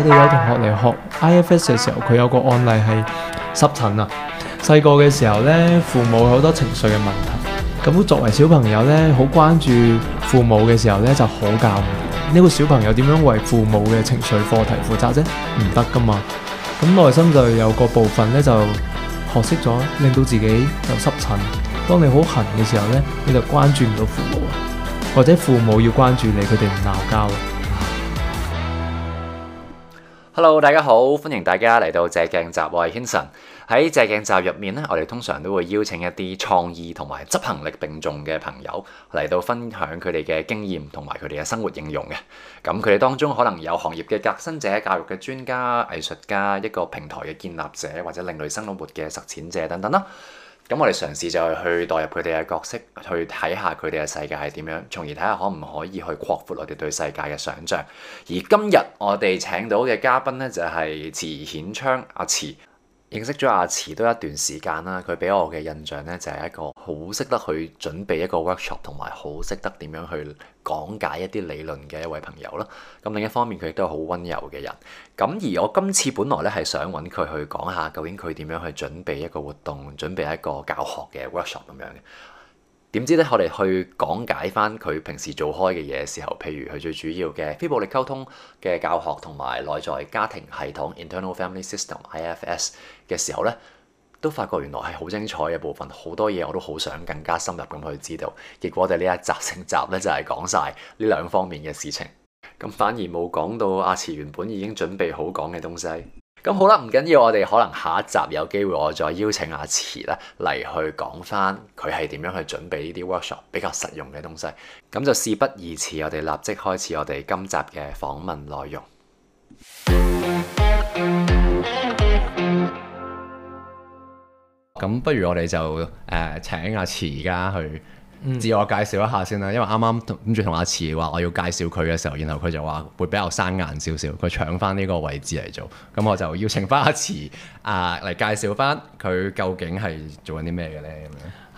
我哋有同學嚟學 IFS 嘅時候，佢有個案例係濕疹啊。細個嘅時候咧，父母好多情緒嘅問題。咁作為小朋友咧，好關注父母嘅時候咧，就好教呢、這個小朋友點樣為父母嘅情緒課題負責啫？唔得噶嘛。咁內心就有個部分咧，就學識咗令到自己有濕疹。當你好痕嘅時候咧，你就關注唔到父母啊，或者父母要關注你，佢哋唔鬧交啊。Hello，大家好，歡迎大家嚟到借鏡集，我係 Hanson。喺借鏡集入面咧，我哋通常都會邀請一啲創意同埋執行力並重嘅朋友嚟到分享佢哋嘅經驗同埋佢哋嘅生活應用嘅。咁佢哋當中可能有行業嘅革新者、教育嘅專家、藝術家、一個平台嘅建立者或者另類生活嘅實踐者等等啦。咁我哋嘗試就係去代入佢哋嘅角色，去睇下佢哋嘅世界係點樣，從而睇下可唔可以去擴闊我哋對世界嘅想像。而今日我哋請到嘅嘉賓咧，就係池衍昌、阿池。認識咗阿池都一段時間啦，佢俾我嘅印象咧就係一個好識得去準備一個 workshop 同埋好識得點樣去講解一啲理論嘅一位朋友咯。咁另一方面佢亦都係好溫柔嘅人。咁而我今次本來咧係想揾佢去講下究竟佢點樣去準備一個活動、準備一個教學嘅 workshop 咁樣嘅。點知咧？我哋去講解翻佢平時做開嘅嘢時候，譬如佢最主要嘅非暴力溝通嘅教學同埋內在家庭系統 （internal family system, IFS） 嘅時候呢，都發覺原來係好精彩嘅部分，好多嘢我都好想更加深入咁去知道。結果我哋呢一集成集咧，就係講晒呢兩方面嘅事情，咁反而冇講到阿池原本已經準備好講嘅東西。咁好啦，唔緊要，我哋可能下一集有機會，我再邀請阿池咧嚟去講返佢係點樣去準備呢啲 workshop 比較實用嘅東西。咁就事不宜遲，我哋立即開始我哋今集嘅訪問內容。咁不如我哋就誒、呃、請阿池而家去。嗯、自我介紹一下先啦，因為啱啱跟住同阿池話我要介紹佢嘅時候，然後佢就話會比較生硬少少，佢搶翻呢個位置嚟做，咁我就邀請翻阿池啊嚟、呃、介紹翻佢究竟係做緊啲咩嘅咧？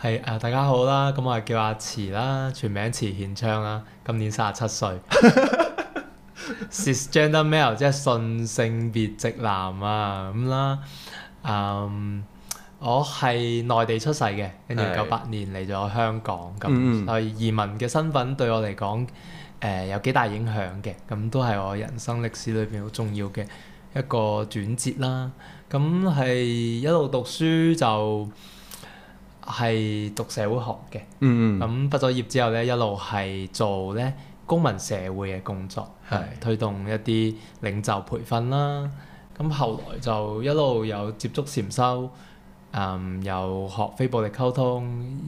係啊，大家好啦，咁我係叫阿池啦，全名池衍昌啦，今年三十七歲 cis gender male 即係順性別直男啊咁啦，嗯。我係內地出世嘅，跟住九八年嚟咗香港咁，係是移民嘅身份對我嚟講，誒、呃、有幾大影響嘅。咁都係我人生歷史裏邊好重要嘅一個轉折啦。咁係一路讀書就係讀社會學嘅，咁、嗯、畢咗業之後咧，一路係做咧公民社會嘅工作，係是是推動一啲領袖培訓啦。咁後來就一路有接觸禪修。嗯，又學非暴力溝通，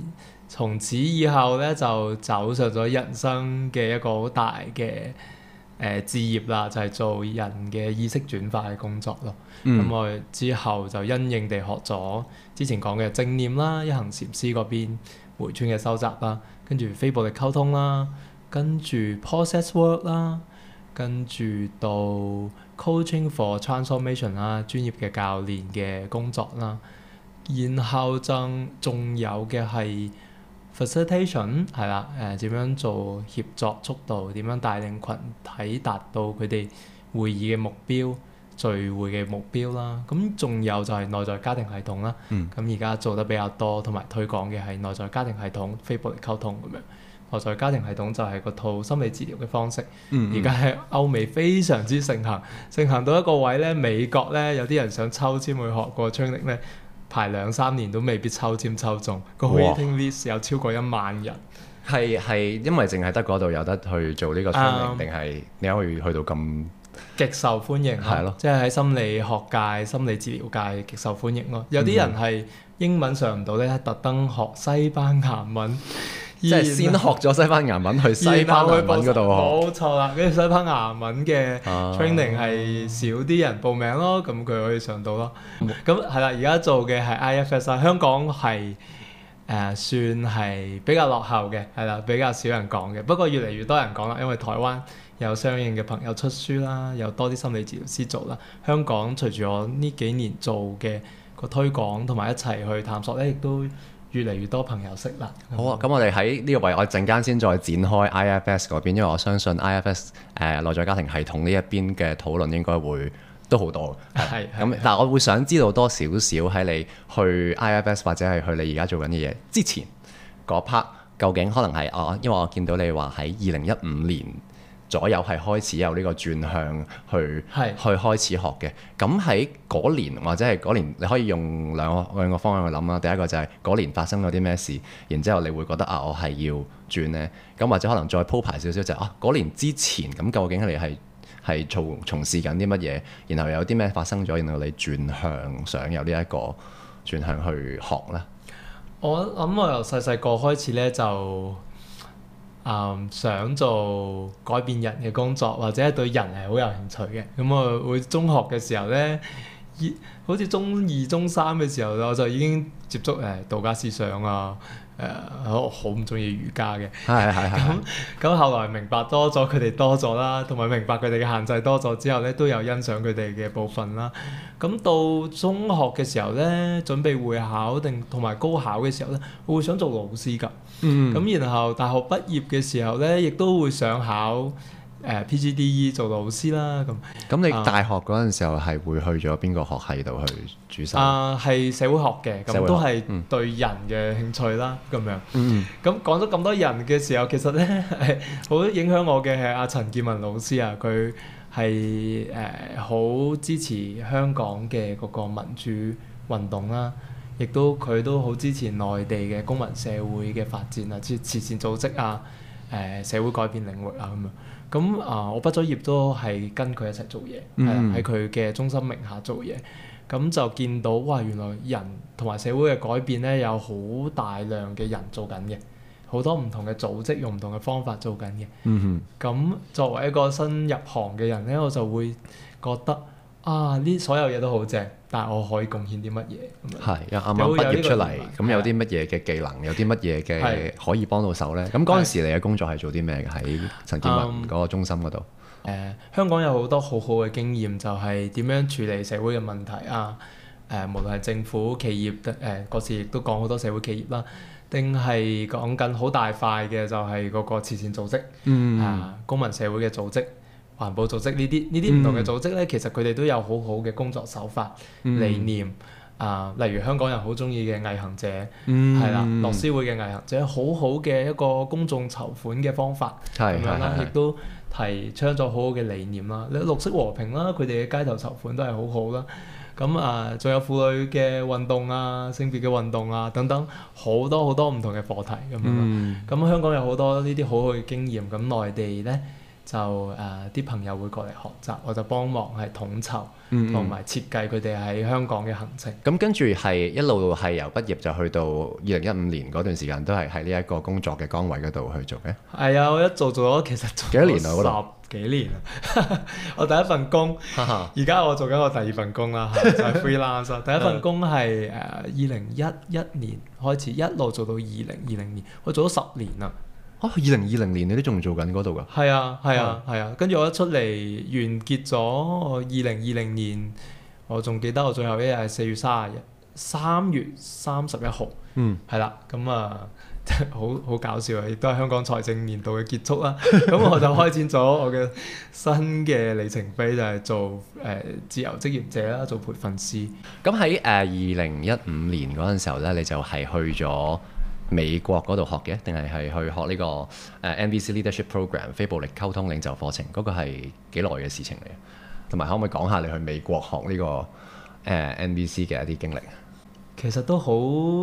從此以後咧就走上咗人生嘅一個好大嘅誒志業啦，就係、是、做人嘅意識轉化嘅工作咯。咁、嗯嗯、我之後就因應地學咗之前講嘅正念啦，一行禪師嗰邊梅村嘅修習啦，跟住非暴力溝通啦，跟住 process work 啦，跟住到 coaching for transformation 啦，專業嘅教練嘅工作啦。然後就仲有嘅係 facilitation 係啦，誒、呃、點樣做協作速度，點樣帶領群體達到佢哋會議嘅目標、聚會嘅目標啦。咁仲有就係內在家庭系統啦。咁而家做得比較多同埋推廣嘅係內在家庭系統非暴力溝通咁樣。內、嗯、在家庭系統就係個套心理治療嘅方式，而家喺歐美非常之盛行，盛行到一個位咧。美國咧有啲人想抽簽去學個 training 咧。排兩三年都未必抽籤抽中，個 waiting list 有超過一萬人。係係，因為淨係得嗰度有得去做呢個訓練，啊，定係你可以去到咁極受歡迎。係咯，即係喺心理學界、心理治療界極受歡迎咯。嗯、有啲人係英文上唔到呢，特登學西班牙文。即係先學咗西班牙文去西班牙嗰度，冇錯啦。跟住西班牙文嘅 training 係少啲人報名咯，咁佢、啊、可以上到咯。咁係啦，而家做嘅係 IFS 啊，IF S，香港係誒、呃、算係比較落後嘅，係啦，比較少人講嘅。不過越嚟越多人講啦，因為台灣有相應嘅朋友出書啦，有多啲心理治療師做啦。香港隨住我呢幾年做嘅個推廣同埋一齊去探索咧，亦都。越嚟越多朋友識啦。好啊，咁、嗯、我哋喺呢個位，我陣間先再展開 IFS 嗰邊，因為我相信 IFS 誒、呃、內在家庭系統呢一邊嘅討論應該會都好多嘅。係，咁、嗯、但係我會想知道多少少喺你去 IFS 或者係去你而家做緊嘅嘢之前嗰 part，究竟可能係我、哦、因為我見到你話喺二零一五年左右係開始有呢個轉向去，是去開始學嘅。咁喺嗰年或者係嗰年，你可以用兩個兩個方向去諗啦。第一個就係、是、嗰年發生咗啲咩事，然之後你會覺得啊，我係要轉呢？咁或者可能再鋪排少少就是、啊，嗰年之前咁究竟你係係從從事緊啲乜嘢，然後有啲咩發生咗，然後你轉向想有呢一個轉向去學呢？我諗我由細細個開始呢就。誒、嗯、想做改變人嘅工作，或者係對人係好有興趣嘅。咁我會中學嘅時候咧，好似中二、中三嘅時候，我就已經接觸誒道家思想啊，誒好唔中意儒家嘅。係係係。咁 咁後來明白多咗佢哋多咗啦，同埋明白佢哋嘅限制多咗之後咧，都有欣賞佢哋嘅部分啦。咁到中學嘅時候咧，準備會考定同埋高考嘅時候咧，我會想做老師㗎。嗯，咁然後大學畢業嘅時候咧，亦都會想考誒 PGDE 做老師啦，咁。咁你大學嗰陣時候係、呃、會去咗邊個學系度去主修？啊，係社會學嘅，咁、嗯嗯、都係對人嘅興趣啦，咁樣。咁講咗咁多人嘅時候，其實咧好 影響我嘅係阿陳建文老師啊，佢係誒好支持香港嘅嗰個民主運動啦。亦都佢都好支持內地嘅公民社會嘅發展啊，志慈善組織啊，誒、呃、社會改變領域啊咁樣。咁、嗯、啊，我畢咗業都係跟佢一齊做嘢，係啊，喺佢嘅中心名下做嘢。咁、嗯、就見到哇，原來人同埋社會嘅改變咧，有好大量嘅人做緊嘅，好多唔同嘅組織用唔同嘅方法做緊嘅、嗯。嗯咁、嗯嗯、作為一個新入行嘅人咧，我就會覺得。啊！呢所有嘢都好正，但我可以貢獻啲乜嘢？係，又啱啱畢業出嚟，咁有啲乜嘢嘅技能，的有啲乜嘢嘅可以幫到手咧？咁嗰陣時，你嘅工作係做啲咩嘅？喺陳建文嗰個中心嗰度？誒、嗯呃，香港有好多好好嘅經驗，就係點樣處理社會嘅問題啊，誒、呃，無論係政府、企業嘅誒嗰時都講好多社會企業啦，定係講緊好大塊嘅就係嗰個慈善組織，啊，公民社會嘅組織。嗯環保組，組織呢啲呢啲唔同嘅組織咧，其實佢哋都有好好嘅工作手法、嗯、理念啊、呃，例如香港人好中意嘅毅行者，係、嗯、啦，樂施會嘅毅行者，好好嘅一個公眾籌款嘅方法咁、嗯、樣啦，亦都提倡咗好好嘅理念啦。你綠色和平啦，佢哋嘅街頭籌款都係好好啦。咁、嗯、啊，仲、嗯、有婦女嘅運動啊、性別嘅運動啊等等，好多好多唔同嘅課題咁樣、嗯嗯、樣。咁香港有好多呢啲好好嘅經驗。咁內地咧？呢就誒啲、呃、朋友會過嚟學習，我就幫忙係統籌同埋、嗯嗯、設計佢哋喺香港嘅行程。咁 跟住係一路係由畢業就去到二零一五年嗰段時間，都係喺呢一個工作嘅崗位嗰度去做嘅。係啊，我一做做咗其實幾多年十幾年。年 我第一份工，而家 我做緊我第二份工啦， 就係 freelancer。第一份工係誒二零一一年 開始，一路做到二零二零年，我做咗十年啦。啊！二零二零年你都仲做緊嗰度噶？係啊，係啊，係、嗯、啊。跟住我一出嚟完結咗，我二零二零年我仲記得我最後一日係四月三十一，三月三十一號。嗯，係啦、啊，咁啊，好好搞笑啊！亦都係香港財政年度嘅結束啦。咁我就開展咗我嘅新嘅里程碑， 就係做誒、呃、自由職業者啦，做培訓師。咁喺誒二零一五年嗰陣時候咧，你就係去咗美國嗰度學嘅，定係係去學呢個誒 NVC Leadership Program 非暴力溝通領袖課程嗰、那個係幾耐嘅事情嚟？同埋可唔可以講下你去美國學呢個誒 NVC 嘅一啲經歷？其實都好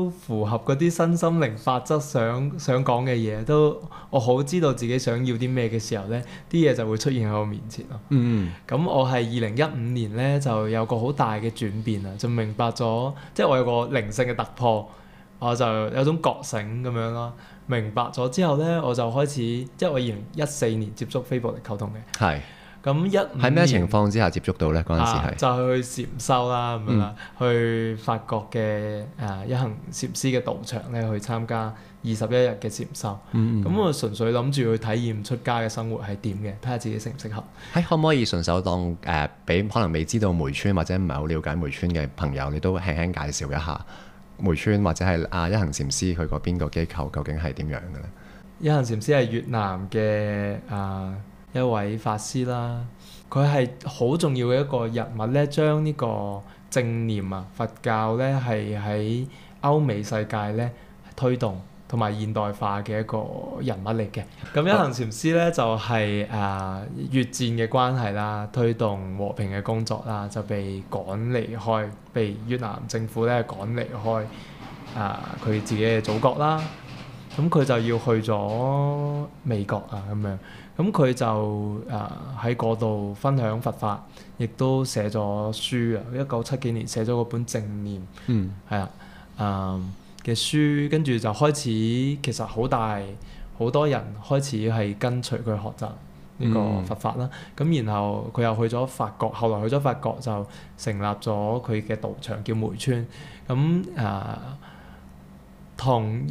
符合嗰啲身心靈法則想想講嘅嘢，都我好知道自己想要啲咩嘅時候呢，啲嘢就會出現喺我面前咯。嗯，咁我係二零一五年呢，就有個好大嘅轉變啊，就明白咗，即係我有個靈性嘅突破。我就有種覺醒咁樣啦，明白咗之後呢，我就開始，即係我二零一四年接觸非暴力 e 溝通嘅。係是。咁一喺咩情況之下接觸到呢？嗰陣時係就去禪修啦，咁樣啦，嗯、去法國嘅誒一行禪師嘅道場咧，去參加二十一日嘅禪修。嗯，嗯。咁我純粹諗住去體驗出家嘅生活係點嘅，睇下自己適唔適合。係、哎、可唔可以順手當誒俾、呃、可能未知道梅村或者唔係好了解梅村嘅朋友，你都輕輕，輕介紹一下？梅村或者係啊一行禪師去過邊個機構究竟係點樣嘅咧？一行禪師係越南嘅啊一位法師啦，佢係好重要嘅一個人物咧，將呢個正念啊佛教咧係喺歐美世界咧推動。同埋現代化嘅一個人物嚟嘅，咁一行禪師咧就係、是、誒、啊、越戰嘅關係啦，推動和平嘅工作啦，就被趕離開，被越南政府咧趕離開，誒、啊、佢自己嘅祖國啦，咁、啊、佢就要去咗美國啊咁樣，咁、啊、佢就誒喺嗰度分享佛法，亦都寫咗書啊，一九七幾年寫咗嗰本《正念》嗯，嗯，係啊，誒。嗯嘅書，跟住就開始，其實好大好多人開始係跟隨佢學習呢個佛法啦。咁、嗯、然後佢又去咗法國，後來去咗法國就成立咗佢嘅道場，叫梅村。咁、嗯、誒、啊，同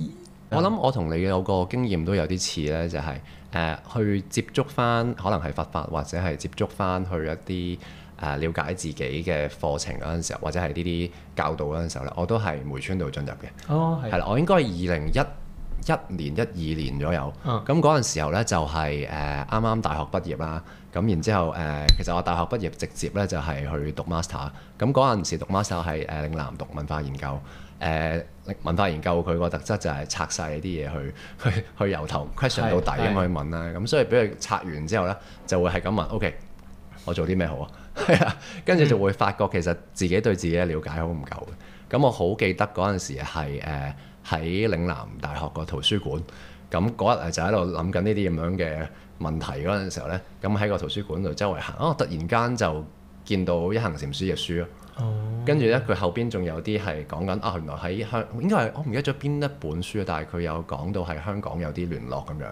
我諗，我同你有個經驗都有啲似咧，就係、係、誒去接觸翻，可能係佛法或者係接觸翻去一啲。誒了解自己嘅課程嗰陣時候，或者係呢啲教導嗰陣時候咧，我都係梅村度進入嘅。哦，係。係啦， 我應該係二零一一年、一二年左右。嗯。咁嗰陣時候咧，就係誒啱啱大學畢業啦。咁然之後誒，其實我大學畢業直接咧就係去讀 master。咁嗰陣時讀 master 係誒嶺南讀文化研究。誒文化研究佢個特質就係拆晒呢啲嘢去去去由頭 question 到底咁去問啦。咁的所以畀佢拆完之後咧，就會係咁問：OK，我做啲咩好啊？係啊， 跟住就會發覺其實自己對自己嘅了解好唔夠嘅。咁我好記得嗰陣時係喺、呃、嶺南大學個圖書館，咁嗰日就喺度諗緊呢啲咁樣嘅問題嗰陣時候呢，咁喺個圖書館度周圍行，啊突然間就見到一行禪師嘅書咯。Oh. 跟住呢，佢後邊仲有啲係講緊啊，原來喺香應該係我唔記得咗邊一本書，但係佢有講到係香港有啲聯絡咁樣，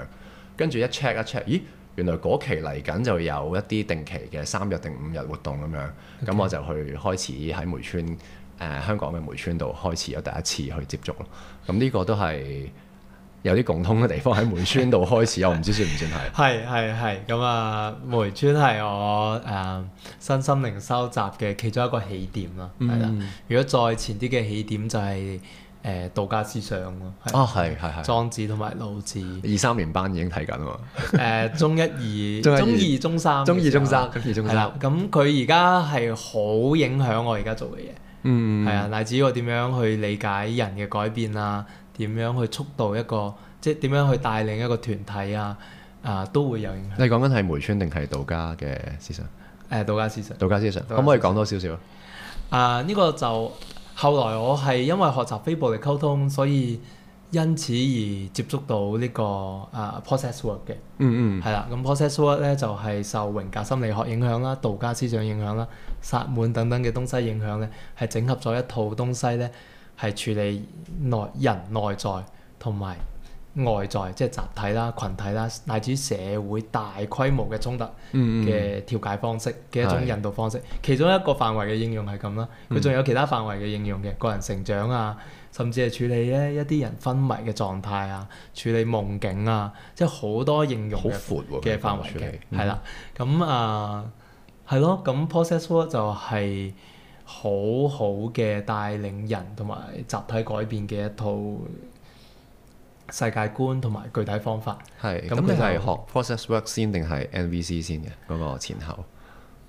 跟住一 check 一 check，咦？原來嗰期嚟緊就有一啲定期嘅三日定五日活動咁樣，咁 Okay. 我就去開始喺梅村誒、呃、香港嘅梅村度開始有第一次去接觸咯。咁呢個都係有啲共通嘅地方喺梅村度開始，我唔知算唔算係？係係係。咁啊，梅村係我誒、呃、身心靈收集嘅其中一個起點啦。係啦、嗯，如果再前啲嘅起點就係、是。誒道家思想喎，啊係係係，莊子同埋老子，二三年班已經睇緊啊嘛，誒中一二中二中三中二中三，係啦，咁佢而家係好影響我而家做嘅嘢，嗯，係啊，乃至於我點樣去理解人嘅改變啊，點樣去促導一個，即係點樣去帶領一個團體啊，啊都會有影響。你講緊係梅村定係道家嘅思想？誒道家思想，道家思想，可唔可以講多少少啊？啊呢個就。後來我係因為學習非暴力溝通，所以因此而接觸到呢、這個啊、uh, process work 嘅，嗯嗯，係啦，咁 process work 咧就係、是、受榮格心理學影響啦、道家思想影響啦、薩滿等等嘅東西影響咧，係整合咗一套東西咧，係處理內人內在同埋外在即係集體啦、群體啦，乃至社會大規模嘅衝突嘅調解方式嘅、嗯、一種引導方式。的其中一個範圍嘅應用係咁啦，佢仲、嗯、有其他範圍嘅應用嘅個人成長啊，甚至係處理咧一啲人昏迷嘅狀態啊，處理夢境啊，即係好多應用嘅嘅範圍嘅係啦。咁啊係咯，咁 process work 就係好好嘅帶領人同埋集體改變嘅一套。世界觀同埋具體方法係咁，你係是學,學 process work 先定係 NVC 先嘅嗰、那個前後？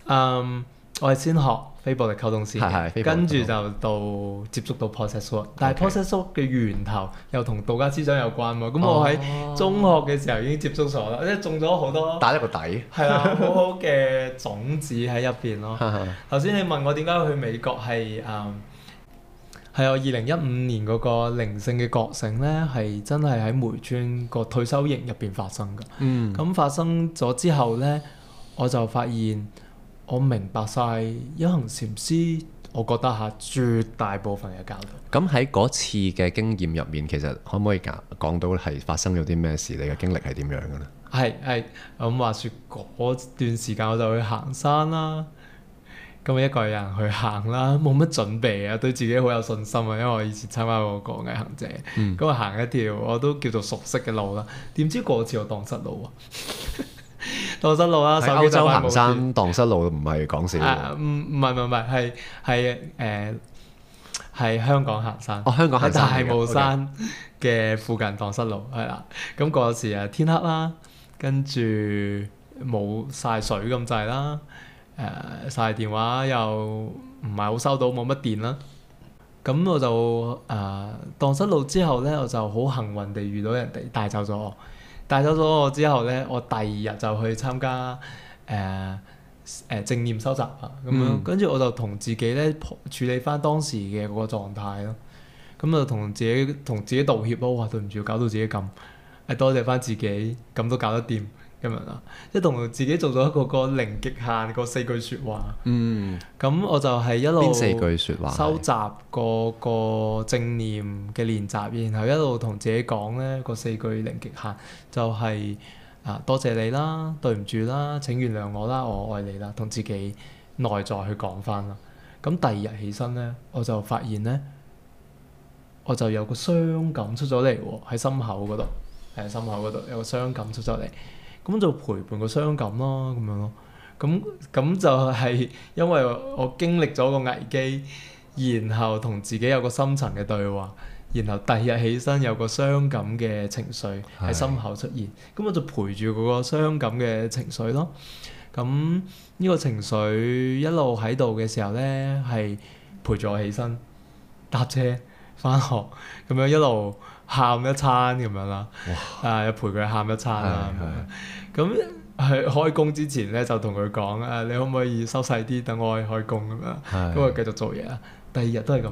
嗯，um, 我係先學非暴力溝通先，係係的，跟住就到接觸到 process work。Okay. 但係 process work 嘅源頭又同道家思想有關喎。咁 Okay. 我喺中學嘅時候已經接觸咗，oh. 即係種咗好多打一個底，係啊的， 好好嘅種子喺入邊咯。頭先 你問我點解去美國係嗯？Um, 係我二零一五年嗰個靈性嘅覺醒咧，係真係喺梅村個退休營入邊發生嘅。嗯，咁發生咗之後咧，我就發現我明白晒一行禪師，我覺得嚇絕大部分嘅教導。咁喺嗰次嘅經驗入面，其實可唔可以講到係發生咗啲咩事？你嘅經歷係點樣嘅咧？係係，咁話説嗰段時間我就去行山啦。咁我一個人去行啦，冇乜準備啊，對自己好有信心啊，因為我以前參加過個毅行者，咁我、嗯、行一條我都叫做熟悉嘅路啦。點知嗰次我蕩失路喎，蕩 失路啦！歐洲行山蕩失路唔係講笑。唔，唔係唔係，係係，誒係香港行山。哦，香港行大霧山嘅附近蕩失路係啦。咁嗰行時啊，天黑啦，跟住冇晒水咁滯啦。誒曬、啊、電話又唔係好收到，冇乜電啦，咁我就誒蕩、啊、失路之後咧，我就好幸運地遇到人哋帶走咗我，帶走咗我之後咧，我第二日就去參加誒誒、啊啊、正念收集啊，咁樣、嗯、跟住我就同自己咧處理翻當時嘅嗰個狀態咯，咁就同自己同自己道歉咯，我話對唔住搞到自己咁，誒多謝翻自己咁都搞得掂。咁樣啦，即同自己做咗一個個零極限個四句説話。嗯，咁我就係一路邊四句説話，收集，嗰個，嗰個正念嘅練習，然後一路同自己講咧個四句零極限、就是，就係啊多謝你啦，對唔住啦，請原諒我啦，我愛你啦，同自己內在去講翻啦。咁第二日起身咧，我就發現咧，我就有個傷感出咗嚟喎，喺心口嗰度，喺心口嗰度有個傷感出咗嚟。咁就陪伴個傷感咯，咁樣咯。咁咁就係因為我經歷咗個危機，然後同自己有個深層嘅對話，然後第二日起身有個傷感嘅情緒喺心口出現，咁是我就陪住嗰個傷感嘅情緒咯。咁呢個情緒一路喺度嘅時候咧，係陪住我起身搭車返學，咁樣一路喊一餐咁樣啦。哇啊，陪佢喊一餐啦。的咁係開工之前咧，就同佢講：誒，你可唔可以收細啲，等我去開工咁樣？咁是的 我繼續做嘢。第二日都係咁。誒、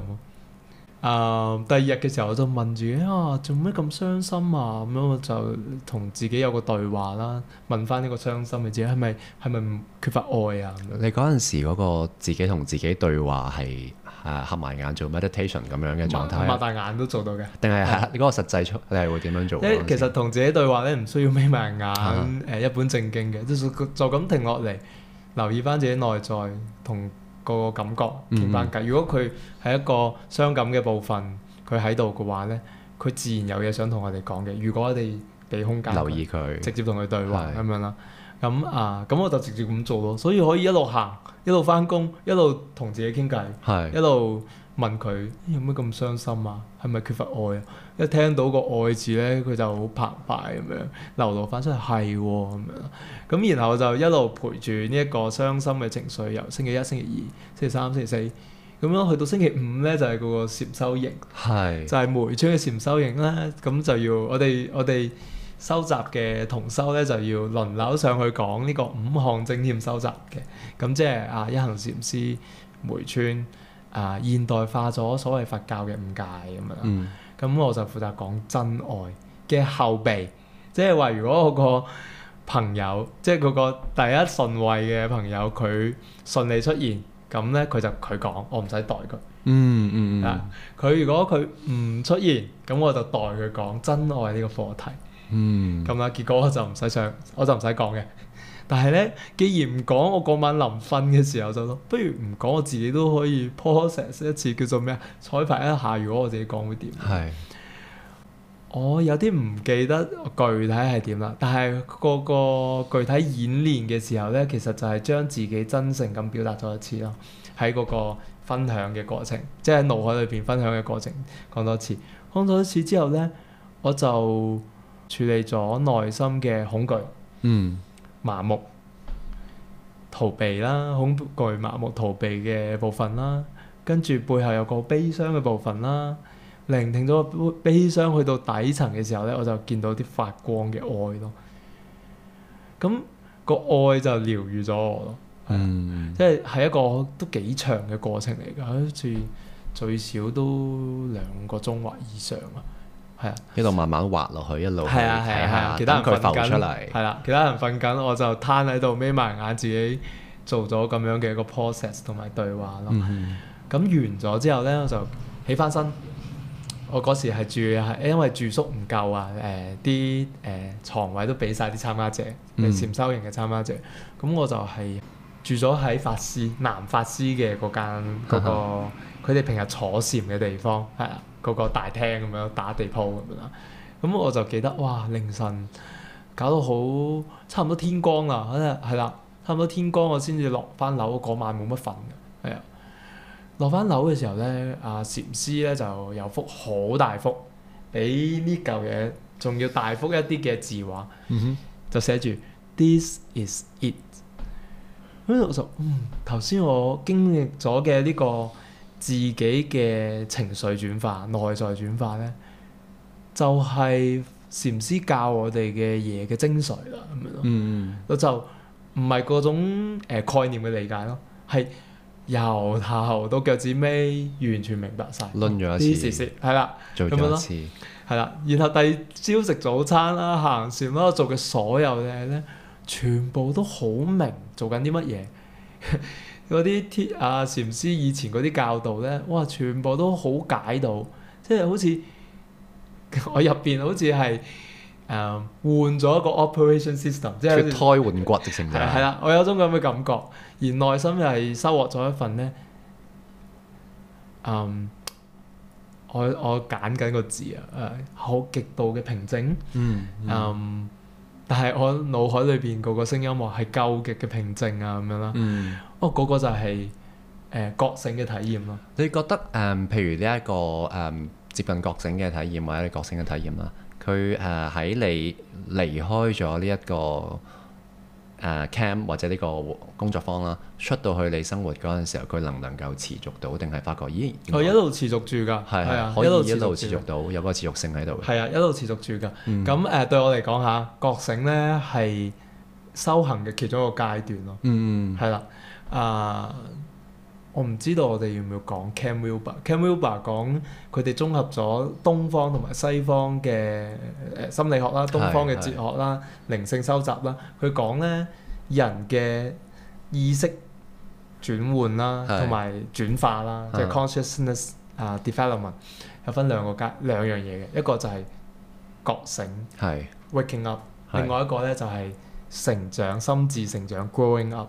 嗯，第二日嘅時候我就問自己：啊，做咩咁傷心啊？咁樣我就同自己有個對話啦，問翻呢個傷心嘅自己係咪係咪缺乏愛啊？你嗰陣時嗰個自己同自己對話係。啊！合埋眼做 meditation 咁樣嘅狀態，擘大眼都做到嘅。定係係你嗰個實際出，你係會點樣做咧？其實同自己對話咧，唔需要眯埋眼，誒、嗯、一本正經嘅，即就咁停落嚟，留意翻自己內在同個感覺傾翻偈。嗯嗯，如果佢係一個傷感嘅部分，佢喺度嘅話咧，佢自然有嘢想同我哋講嘅。如果我哋俾空間留意佢，直接同佢對話咁樣啦。的咁啊，咁我就直接咁做咯，所以可以一路行，一路翻工，一路同自己傾偈，是一路問佢有乜咁傷心啊？係咪缺乏愛啊？一聽到個愛字咧，佢就好澎湃咁樣流露翻出嚟，係喎咁樣。咁然後就一路陪住呢一個傷心嘅情緒，由星期一、星期二、星期三、星期四，咁樣去到星期五咧，就係、是、嗰個禪修營，是就係梅村嘅禪修營啦。咁就要我哋我哋。我收集嘅同修咧，就要輪流上去講呢個五項正念收集嘅。咁即係啊，一行禪師梅村啊，現代化咗所謂佛教嘅五戒。咁樣啦。咁我就負責講真愛嘅後備，嗯、即係話如果我個朋友即係嗰個第一順位嘅朋友，佢順，順利出現咁咧，佢就佢講，我唔使代佢、嗯。嗯嗯啊，佢如果佢唔出現，咁我就代佢講真愛呢個課題。嗯，咁啦，結果我就唔使上，我就唔使講嘅。但係咧，既然唔講，我嗰晚臨瞓嘅時候就不如唔講，我自己都可以 process 一次叫做咩啊彩排一下。如果我自己講會點？係是我有啲唔記得具體係點啦，但係嗰個具體演練嘅時候咧，其實就係將自己真誠咁表達咗一次咯。喺嗰個分享嘅過程，即係腦海裏邊分享嘅過程，講多一次講咗一次之後咧，我就。處理咗內心嘅恐懼、嗯麻木、逃避啦，恐懼、麻木、逃避嘅部分啦，跟住背後有個悲傷嘅部分啦。聆聽咗悲傷去到底層嘅時候咧，我就見到啲發光嘅愛咯。咁、那個愛就療癒咗我咯。嗯，即係係一個都幾長嘅過程嚟㗎，好似最少都兩個鐘或以上啊。係啊，一路慢慢滑落去，一路睇下，係啊，係啊。其他佢浮出嚟，係啦，其他人瞓緊，我就攤喺度眯埋眼，自己做咗咁樣嘅一個 process 同埋對話咯。咁、嗯、哼完咗之後咧，我就起翻身。我嗰時係住係因為住宿唔夠啊，誒啲誒牀位都俾晒啲參加者，誒禪、嗯呃、修型嘅參加者。咁我就係住咗喺法師南法師嘅嗰間嗰、那個，佢哋、嗯、哼平日坐禪嘅地方，係啊。嗰個大廳咁樣打地鋪咁樣啦，咁我就記得哇凌晨搞到好差唔多天光啦，係啦差唔多天光我先至落翻樓，嗰、那個、晚冇乜瞓嘅，係啊落翻樓嘅時候咧，阿禪師咧就有幅好大幅，比呢嚿嘢仲要大幅一啲嘅字畫，嗯、哼就寫住 This is it，咁我就嗯頭先我經歷咗嘅呢個。自己嘅情緒轉化、內在轉化咧，就係禪師教我哋嘅嘢嘅精髓啦，咁樣咯。嗯嗯。我就唔係嗰種、呃、概念嘅理解咯，係由頭到腳趾尾完全明白晒。論咗一次。啲事事係啦。做咗一次。係啦，然後第二朝食早，早餐啦、行禪啦，做嘅所有嘢咧，全部都好明做緊啲乜嘢。 嗰啲鐵啊，禪師以前嗰啲教導咧，哇，全部都好解到，即係好似我入邊好似係誒換咗一個 operation system，即係脫胎換骨，直情就係，係啦，我有種咁嘅感覺，而內心又係收穫咗一份咧，嗯，我我揀緊個字啊，誒，好極度嘅平靜，嗯，嗯。嗯但係我腦海裏邊嗰個聲音話係究極嘅平靜啊，咁樣啦，嗯、哦嗰、那個就係、是、誒、呃、覺醒嘅體驗咯。你覺得誒、呃、譬如呢、這、一個誒、呃、接近覺醒嘅體驗或者你覺醒嘅體驗啦，佢誒喺你離開咗呢一個。誒、uh, cam 或者呢個工作坊啦，出到去你生活嗰陣時候，佢能唔能夠持續到，定係發覺咦？佢、哦、一路持續住㗎，係係啊，可一路一路持續到，續有個持續性喺度。係啊，一路持續住㗎。咁誒、嗯呃、對我嚟講嚇，覺醒咧係修行嘅其中一個階段咯。嗯，係啦，啊、呃。我唔知道我哋要唔要講 Ken Wilber。Ken Wilber 講佢哋綜合咗東方同埋西方嘅誒心理學啦、東方嘅哲學啦、靈性收集啦。佢講咧，人嘅意識轉換啦，同埋轉化啦，即係 consciousness 啊 development 有分兩個階兩樣嘢嘅，一個就係覺醒，係 waking up。另外一個咧就係成長、心智成長，growing up。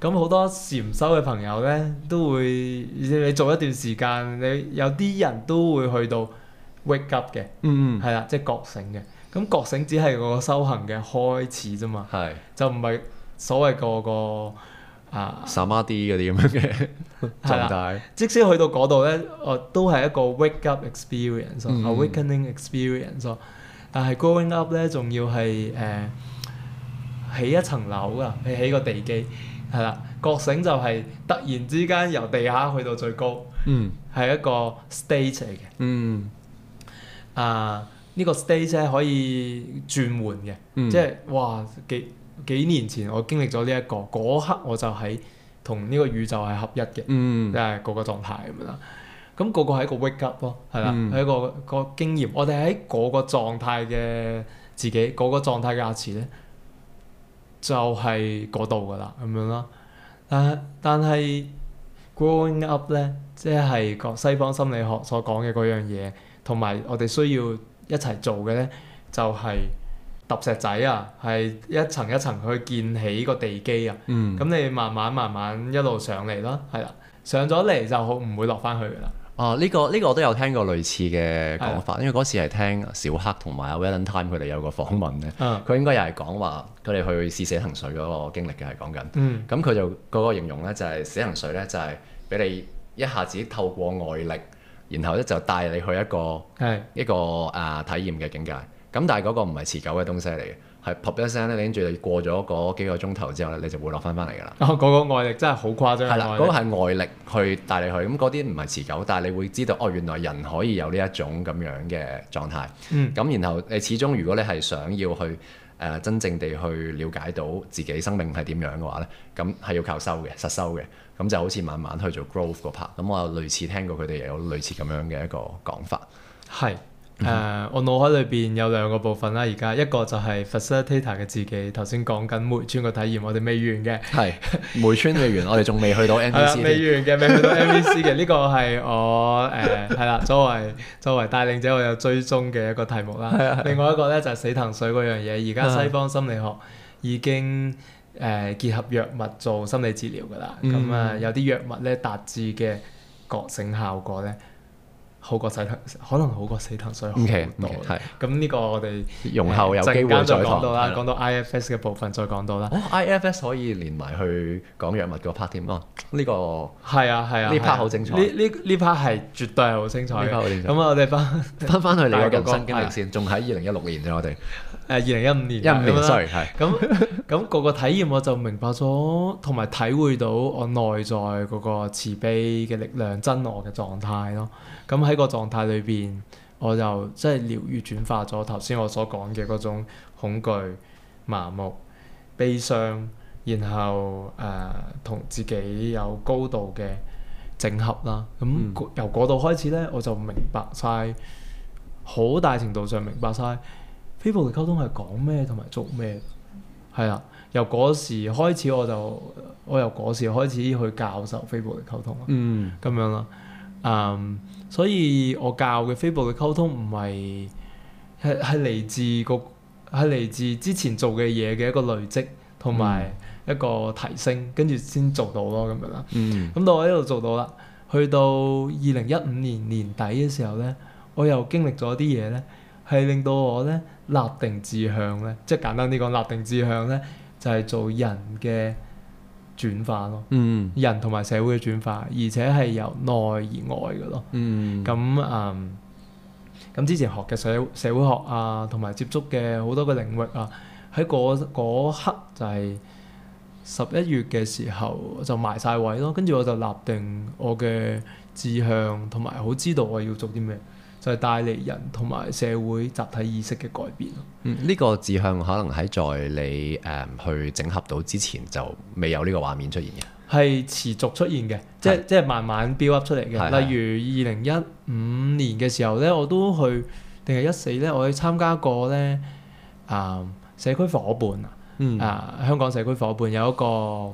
咁好多禪修嘅朋友咧，都會而且你做一段時間，你有啲人都會去到 wake up 嘅，嗯，係啦，即係覺醒嘅。咁覺醒只係個修行嘅開始啫嘛，係的，就唔係所謂、嗰個個啊，薩摩啲嗰啲咁樣嘅，係啦，即使去到嗰度咧，我都係一個 wake up experience，awakening、嗯、experience，但係 growing up 咧，仲要係誒起一層樓㗎，起起個地基。係啦，覺醒就係突然之間由地下去到最高，係、嗯、一個 state 嚟嘅。啊、呢、這個 state 可以轉換嘅，嗯、即係哇幾幾年前我經歷咗呢一個，嗰刻我就喺同呢個宇宙係合一嘅，即係嗰個狀態咁啦。咁個個係一個 wake up 咯，係啦，係一個個經驗。我哋喺嗰個狀態嘅自己，嗰、那個狀態嘅阿池咧。就係嗰度㗎啦，咁樣咯。但係但係 growing up 咧，即係個西方心理學所講嘅嗰樣嘢，同埋我哋需要一齊做嘅咧，就係、是、揼石仔啊，係一層一層去建起個地基啊。咁、嗯、你慢慢慢慢一路上嚟咯，係啦，上咗嚟就好，唔會落翻去㗎啦。啊！呢、哦，這個呢、這個我都有聽過類似嘅講法，的因為嗰次係聽小黑同埋啊 w e l l e n Time 佢哋有個訪問咧，佢應該又係講話佢哋去試死藤水嗰個經歷嘅係講緊。咁佢、嗯、就、那個形容咧就係死藤水咧就係俾你一下子透過外力，然後咧就帶你去一個的一個誒、呃、體驗嘅境界。咁但係嗰個唔係持久嘅東西嚟嘅，係 pop 一聲咧，你跟住過咗嗰幾個鐘頭之後咧，你就會落翻翻嚟㗎啦。哦，嗰、那個外力真係好誇張。係啦，嗰、那個係外力去帶你去，咁嗰啲唔係持久，但係你會知道哦，原來人可以有呢一種咁樣嘅狀態。嗯。咁然後你始終如果你係想要去誒、呃、真正地去了解到自己生命係點樣嘅話咧，咁係要靠修嘅，實修嘅。咁就好似慢慢去做 growth 嗰 part。咁我類似聽過佢哋有類似咁樣嘅一個講法。係。誒，uh, 我腦海裏邊有兩個部分啦，而家一個就係 facilitator 嘅自己，頭先講緊梅村嘅體驗，我哋未完嘅。係 梅村未完，我哋仲未去到 NVC。 未完嘅，未去到 NVC 嘅，呢、這個係我誒係啦，作為作為帶領者，我有追蹤嘅一個題目啦。是的，是的，另外一個咧就係、是、死藤水嗰樣嘢，而家西方心理學已經誒、呃、結合藥物做心理治療噶啦，咁的啊有啲藥物咧達至嘅覺醒效果咧。好過死，可能好過死騰水。O.K.，係咁呢個我哋容後有機會再講到啦。講到 I.F.S 嘅部分再講多啦。I.F.S 可以連埋去講藥物個 part 添啊？呢個係啊係啊，呢 part 好精彩。呢呢呢 part 係絕對係好精彩，呢 part 好精彩。咁啊，我哋翻翻翻去你嘅人生經歷先，仲喺二零一六年啫，我哋。誒，二零一五年，一五年 sorry，係咁咁個個體驗，我就明白咗，同埋體會到我內在嗰個慈悲嘅力量、真我嘅狀態咯。咁喺個狀態裏邊，我就即係療癒、轉化咗頭先我所講嘅嗰種恐懼、麻木、悲傷，然後誒同、呃、自己有高度嘅整合啦。咁由嗰度開始咧，我就明白晒，好大程度上明白晒。非暴力嘅溝通係講咩同埋做咩？係啦，由嗰時開始我就我由嗰時開始去教授非暴力嘅溝通，嗯，咁樣啦，嗯，所以我教嘅非暴力嘅溝通唔係係係嚟自個係嚟自之前做嘅嘢嘅一個累積同埋一個提升，跟住先做到咯，咁樣啦。嗯，咁、嗯、到我呢度做到啦，去到二零一五年年底嘅時候咧，我又經歷咗啲嘢咧，係令到我咧。立定志向咧，即係簡單啲講，立定志向咧就係做人嘅轉化咯。嗯，mm. 人同埋社會嘅轉化，而且係由內而外嘅咯。mm. 嗯，咁啊，咁之前學嘅社會社會學啊，同埋接觸嘅好多嘅領域啊，喺嗰刻就係十一月嘅時候就埋晒位咯，跟住我就立定我嘅志向，同埋好知道我要做啲咩。就係帶嚟人同埋社會集體意識嘅改變。嗯，呢、這個志向可能喺在，在你誒、嗯、去整合到之前就未有呢個畫面出現嘅，係持續出現嘅，即是即係慢慢 build up 出嚟嘅。是例如二零一五年嘅時候咧，我都去，定係一四咧，我去參加過咧誒社區夥伴、嗯、啊，啊香港社區夥伴有一個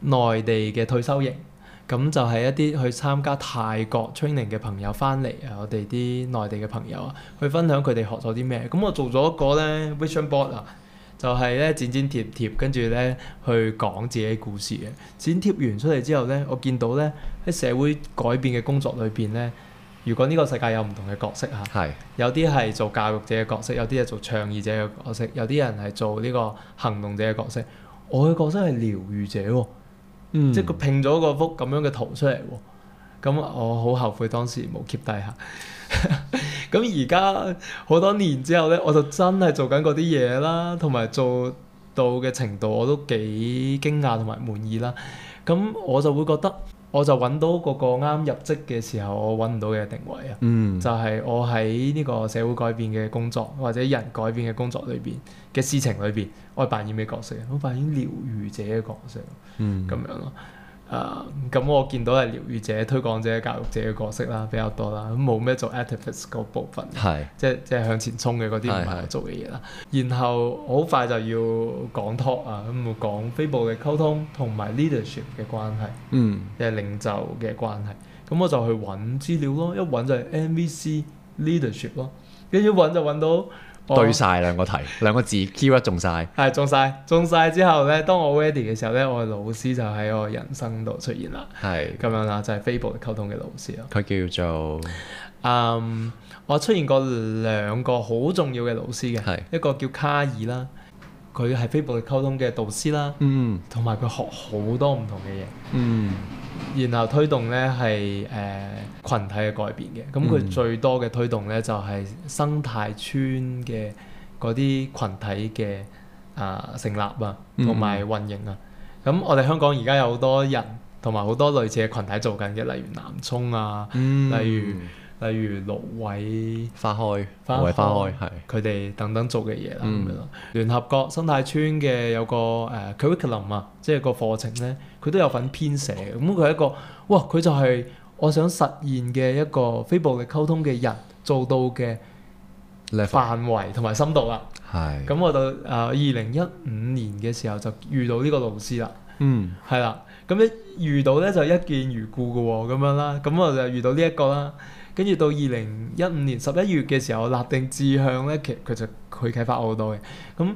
內地嘅退休人。咁就係一啲去參加泰國 training 嘅朋友翻嚟啊，我哋啲內地嘅朋友啊，去分享佢哋學咗啲咩。咁我做咗一個咧 vision board 啊，就係咧剪剪貼貼貼，跟住咧去講自己故事嘅。剪貼完出嚟之後咧，我見到咧喺社會改變嘅工作裏邊咧，如果呢個世界有唔同嘅角色嚇，是有啲係做教育者嘅角色，有啲係做倡議者嘅角色，有啲人係做呢個行動者嘅角色。我嘅角色係療癒者喎、哦。嗯、即係佢拼咗嗰幅咁樣嘅圖出嚟喎，咁我好後悔當時冇 keep 低下。咁而家好多年之後咧，我就真係做緊嗰啲嘢啦，同埋做到嘅程度我都幾驚訝同埋滿意啦。咁我就會覺得。我就揾到嗰個啱入職嘅時候我揾唔到嘅定位啊，嗯、就係我喺呢個社會改變嘅工作或者人改變嘅工作裏邊嘅事情裏邊，我扮演咩角色？我扮演療癒者嘅角色，咁、嗯、樣咯。啊，咁、uh, 我見到係療癒者、推廣者、教育者嘅角色啦，比較多啦，冇咩做 activist 嗰部分，係是即即向前衝嘅嗰啲唔係做嘅嘢啦。是然後好快就要講 talk 啊，咁講非暴力溝通同埋 leadership 嘅關係，嗯，即係領袖嘅關係。咁我就去揾資料咯，一揾就係 NVC leadership 咯，跟住一揾就揾到。對晒兩個題，哦、兩個字 key 都中晒，係中曬，中曬，之後呢，當我 ready 嘅時候呢，我老師就喺我人生度出現啦。係咁是樣啦，就係非暴力溝通嘅老師咯。佢叫做，嗯、um,，我出現過兩個好重要嘅老師嘅，係是一個叫卡爾啦，佢係非暴力溝通嘅導師啦，嗯，同埋佢學好多唔同嘅嘢，嗯。然後推動咧係誒羣體嘅改變嘅，咁佢最多嘅推動咧、嗯、就係生態村嘅嗰啲群體嘅啊、呃、成立啊，同埋運營啊。咁我哋香港而家有好多人，同埋好多類似嘅群體做緊嘅，例如南涌啊，嗯、例如。例如蘆葦，開蘆葦花開，花開係佢哋等等做嘅嘢啦，咁樣啦。聯合國生態村嘅有個誒，curriculum 啊，uh, 即係個課程咧，佢都有份編寫咁。佢係 Okay. 一個哇，佢就係我想實現嘅一個非暴力溝通嘅人做到嘅範圍同埋深度啦。係咁、嗯，我就誒二零一五年嘅時候就遇到呢個老師、嗯、啦。嗯，係啦，咁一遇到咧就一見如故嘅喎、哦，咁樣啦。咁我就遇到呢一個啦。跟住到二零一五年十一月嘅時候，立定志向咧，其實佢啟發我好多嘅。咁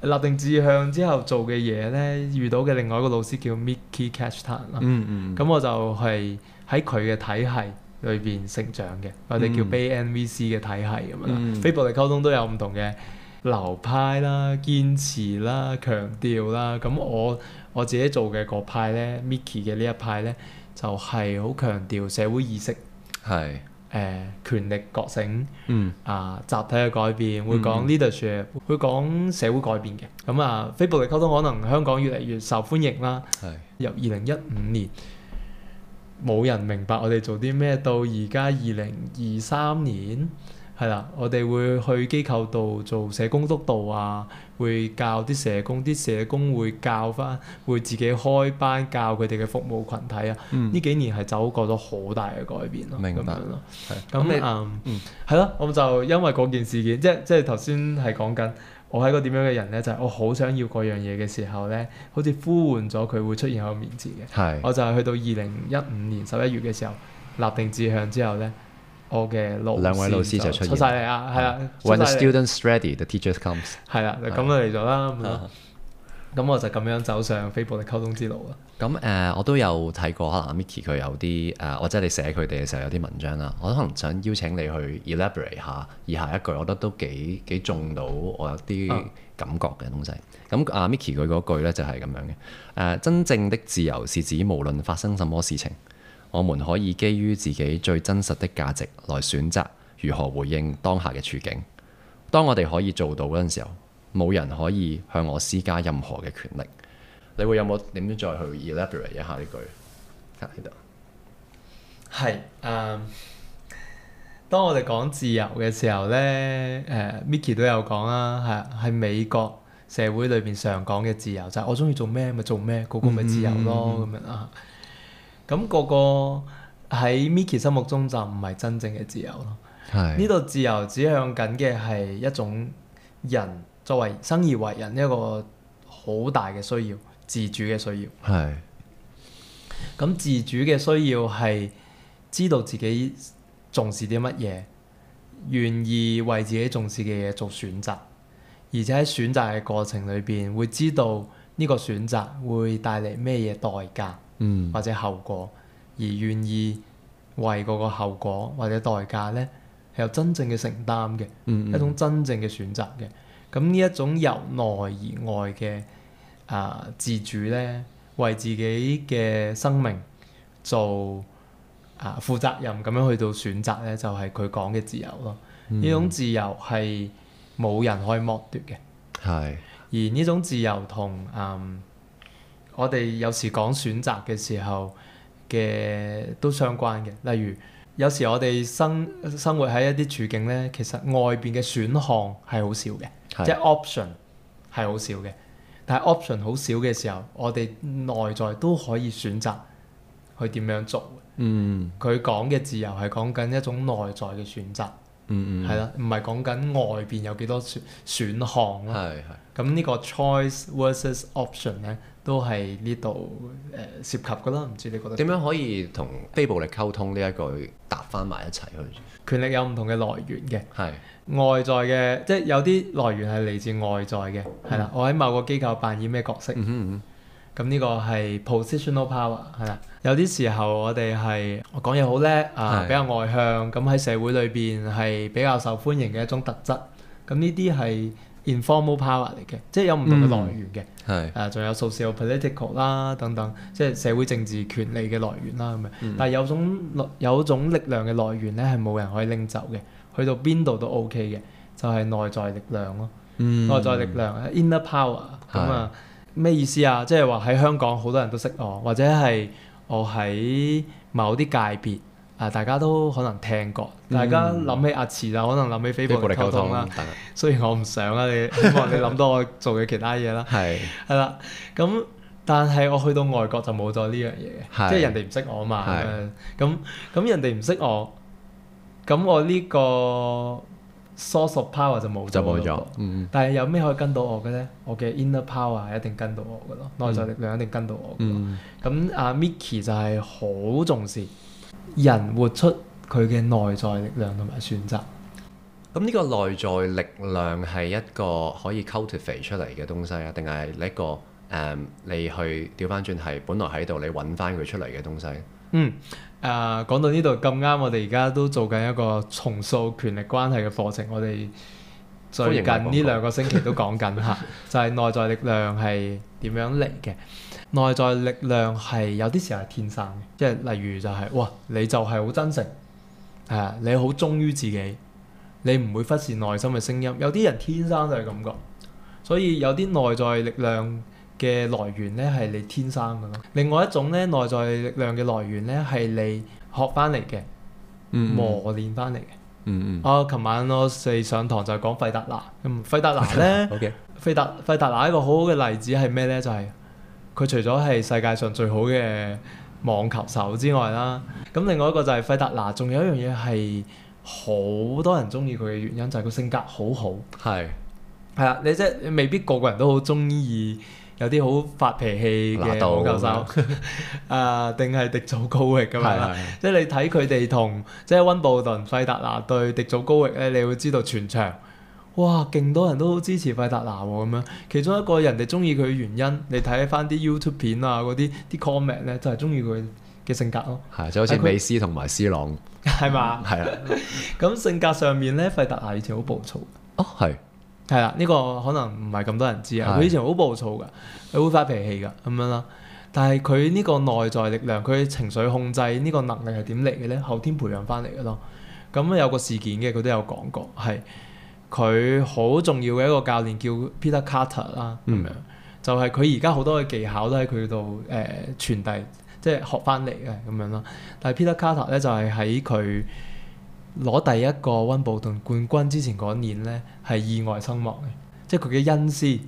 立定志向之後做嘅嘢咧，遇到嘅另外一個老師叫 Miki Kashtan 啦、嗯。嗯嗯。咁我就係喺佢嘅體系裏邊成長嘅，或者叫 Bay NVC 嘅體系咁樣。嗯。非暴力溝通都有唔同嘅流派啦、堅持啦、強調啦。咁我我自己做嘅個派咧，Miki 嘅呢一派咧，就係、是、好強調社會意識。係。誒權力覺醒，嗯啊集體嘅改變、嗯、會講 leadership，會講社會改變嘅，咁、嗯、啊非暴力溝通可能香港越嚟越受歡迎啦。係是，由二零一五年冇人明白我哋做啲咩，到而家二零二三年。係啦，我哋會去機構度做社工督導啊，會教啲社工，啲社工會教翻，會自己開班教佢哋嘅服務群體啊。呢、嗯、幾年係走過咗好大嘅改變咯。明白咯。係樣。咁你的嗯，係咯的、嗯，我就因為嗰件事件，即係即係頭先係講緊，我係個點樣嘅人咧，就係、是、我好想要嗰樣嘢嘅時候咧，好似呼喚咗佢會出現喺我面前嘅。係的。我就係去到二零一五年十一月嘅時候，立定志向之後咧。我嘅老兩位老師就出現。出曬嚟啊，係啊，When the students ready, the teachers comes。係啦、啊，就咁嚟咗啦。咁我就咁樣走上非暴力嘅溝通之路啊！咁誒、呃，我都有睇過阿 Micky 佢有啲誒、呃，或者你寫佢哋嘅時候有啲文章啦。我可能想邀請你去 elaborate 下以下一句，我覺得都幾幾中到我有啲感覺嘅東西。咁阿、嗯啊、Micky 佢嗰句咧就係、是、咁樣嘅。誒、呃，真正的自由是指無論發生什麼事情。我們可以基於自己最真實的價值來選擇如何回應當下嘅處境。當我哋可以做到嗰陣時候，冇人可以向我施加任何嘅權力。你會有冇點樣再去 elaborate 一下呢句？喺度。係當我哋講自由嘅時候呢誒、啊、Micky 都有講啦，係喺美國社會裏邊常講嘅自由就係、是、我中意做咩咪、就是、做咩，那個個咪自由咯咁樣啊。嗯咁個個喺 Mickey 心目中就唔係真正嘅自由咯。係呢度，自由指向緊嘅係一種人作為生而為人一個好大嘅需要，自主嘅需要。係是。咁自主嘅需要係知道自己重視啲乜嘢，願意為自己重視嘅嘢做選擇，而且喺選擇嘅過程裏邊會知道呢個選擇會帶嚟咩嘢代價。嗯，或者後果，而願意為嗰個後果或者代價咧，係有真正嘅承擔嘅，嗯嗯一種真正嘅選擇嘅。咁呢一種由內而外嘅啊、呃、自主咧，為自己嘅生命做啊、呃、負責任咁樣去到選擇咧，就係佢講嘅自由咯。嗯、呢種自由係冇人可以剝奪嘅。係是。而呢種自由同嗯。我哋有時講選擇嘅時候嘅都相關嘅，例如有時我哋生生活喺一啲處境咧，其實外邊嘅選項係好少嘅，是即係 option 係好少嘅。但係 option 好少嘅時候，我哋內在都可以選擇去點樣做。嗯，佢講嘅自由係講緊一種內在嘅選擇。嗯嗯，係啦，唔係講緊外邊有幾多選選項啦。係係的。咁呢個 choice versus option 咧？都係呢度誒涉及噶啦，唔知你覺得點樣可以同非暴力溝通呢一句搭翻埋一齊去？權力有唔同嘅來源嘅，係的外在嘅，即係有啲來源係嚟自外在嘅，係啦、嗯。我喺某個機構扮演咩角色，咁呢、嗯嗯嗯、個係 positional power，係啦。有啲時候我哋係我講嘢好叻啊，的比較外向，咁喺社會裏邊係比較受歡迎嘅一種特質，咁呢啲係。informal power 嚟嘅，即係有唔同嘅來源嘅，誒仲、嗯啊、有 social political 啦等等，即係社會政治權利嘅來源啦咁樣。是是嗯、但係有種有種力量嘅來源咧，係冇人可以拎走嘅，去到邊度都 O K 嘅，就係、是、內在力量咯，內、嗯、在力量 inner power、嗯。咁啊咩是意思啊？即係話喺香港好多人都識我，或者係我喺某啲界別。啊！大家都可能聽過，大家諗起阿池，就可能諗起非暴力溝通啦。嗯、雖然我唔想啦、啊，你希望、 嗯、你諗到我做嘅其他嘢啦。係係啦。咁但係我去到外國就冇咗呢樣嘢，是即係人哋唔識我嘛。咁咁是人哋唔識我，咁我呢、呢個 source of power 就冇咗。就冇咗。嗯、但係有咩可以跟到我嘅咧？我嘅 inner power 一定跟到我嘅咯，內在力量一定跟到我。咁阿 Micky 就係好重視。人活出佢嘅內在力量同埋選擇。咁呢個內在力量係一個可以 cultivate 出嚟嘅東西啊？定係一個誒、嗯，你去調翻轉係本來喺度，你揾翻佢出嚟嘅東西？嗯，誒、呃，講到呢度咁啱，我哋而家都做緊一個重塑權力關係嘅課程，我哋最近呢兩個星期都講緊吓， 就係內在力量係點樣嚟嘅。內在力量係有啲時候係天生嘅，即係例如就係、是、哇，你就係好真誠，係啊，你好忠於自己，你唔會忽視內心嘅聲音。有啲人天生就係咁嘅，所以有啲內在力量嘅來源咧係你天生嘅咯。另外一種咧內在力量嘅來源咧係你學翻嚟嘅，磨練翻嚟嘅。嗯嗯。我琴、嗯嗯哦、晚我四我哋上堂就係講費達拿，咁費達拿咧，費達 費達拿一個好好嘅例子係咩咧？就係、是。佢除咗係世界上最好嘅網球手之外啦，咁另外一個就係費達拿。仲有一樣嘢係好多人中意佢嘅原因，就係佢性格好好。係係啊，你即係未必個個人都好中意有啲好發脾氣嘅網球手，誒定係迪祖高域㗎嘛？即係你睇佢哋同即係溫布頓費達拿對迪祖高域咧，你會知道全場。哇，勁多人都支持費達拿喎，咁樣其中一個人哋中意佢嘅原因，你睇翻啲 YouTube 片啊，嗰啲啲 comment 咧就係中意佢嘅性格咯，係就好似美斯同埋 C 朗，係嘛，係啊。咁、嗯、 性格上面咧，費達拿以前好暴躁，哦係係啦，呢、呢個可能唔係咁多人知啊。佢的以前好暴躁噶，佢會發脾氣噶咁樣啦。但係佢呢個內在力量，佢情緒控制呢個能力係點嚟嘅咧？後天培養翻嚟嘅咯。咁有個事件嘅，佢都有講過係。佢好重要嘅一個教練叫 Peter Carter 啦，嗯，咁樣就係佢而家好多嘅技巧都喺佢度誒傳遞，即係學翻嚟嘅咁樣咯。但係 Peter Carter 咧就係喺佢攞第一個溫布頓冠軍之前嗰年咧，係意外身亡嘅，即係佢嘅恩師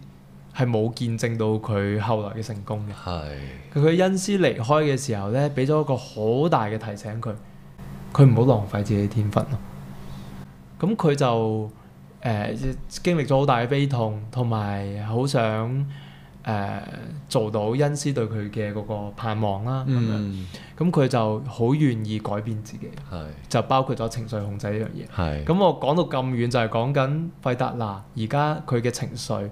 係冇見證到佢後來嘅成功嘅。係佢，佢恩師離開嘅時候咧，俾咗一個好大嘅提醒佢，佢唔好浪費自己天分咯。咁佢就。誒、呃、經歷咗好大嘅悲痛，同埋好想誒、呃、做到恩師對佢嘅嗰個盼望啦。咁、嗯、樣咁佢就好願意改變自己，是就包括咗情緒控制呢樣嘢。咁是我講到咁遠就係講緊費德拿。而家佢嘅情緒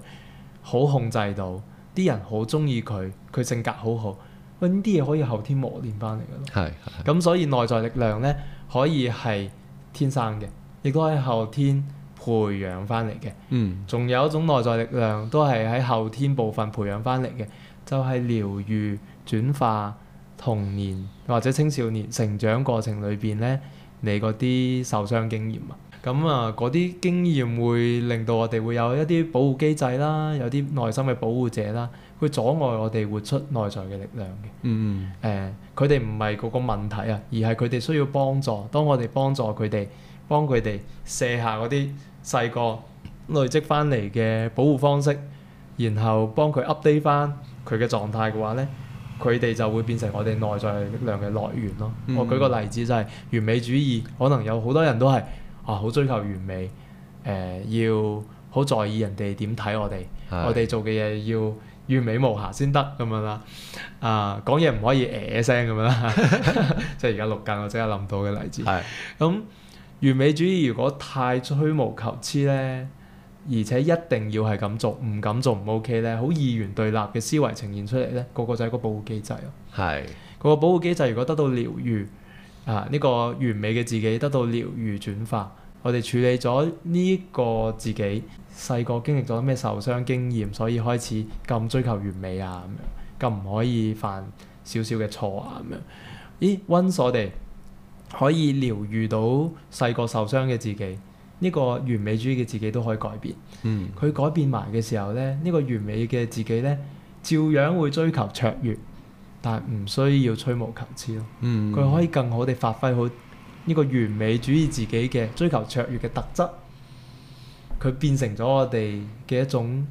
好控制到，啲人好中意佢，佢性格好好。喂，呢啲嘢可以後天磨練翻嚟㗎咯。係咁，所以內在力量咧可以係天生嘅，亦都係後天培養翻嚟嘅，仲、嗯、有一種內在力量，都係喺後天部分培養翻嚟嘅，就係、是、療癒、轉化童年或者青少年成長過程裏邊咧，你嗰啲受傷經驗啊，咁啊嗰啲經驗會令到我哋會有一啲保護機制啦，有啲內心嘅保護者啦，會阻礙我哋活出內在嘅力量嘅。嗯，嗯，誒、呃，佢哋唔係嗰個問題啊，而係佢哋需要幫助。當我哋幫助佢哋，幫佢哋卸下嗰啲細個累積翻嚟嘅保護方式，然後幫佢 update 翻佢嘅狀態嘅話呢，佢哋就會變成我哋內在力量嘅來源咯。嗯、我舉個例子就係完美主義，可能有好多人都係啊好追求完美，誒、呃、要好在意人哋點睇我哋，的我哋做嘅嘢要完美無瑕先得咁樣啦。啊講嘢唔可以嘢聲咁樣啦，即係而家錄緊我即刻諗到嘅例子。咁的。嗯完美主義如果太吹毛求疵咧，而且一定要係咁做，唔敢做唔 OK 咧，好二元對立嘅思維呈現出嚟咧，個個就係個保護機制咯。係是個保護機制，如果得到療愈啊，呢、這個完美嘅自己得到療愈轉化，我哋處理咗呢個自己細個經歷咗咩受傷經驗，所以開始咁追求完美啊咁樣，咁唔可以犯少少嘅錯啊咁樣。咦，温鎖地？可以療愈到細個受傷嘅自己，呢個完美主義嘅自己都可以改變。嗯，佢改變埋嘅時候咧，呢個完美嘅自己咧，照樣會追求卓越，但唔需要吹毛求疵咯。嗯，佢可以更好地發揮好呢個完美主義自己嘅追求卓越嘅特質。佢變成咗我哋嘅一種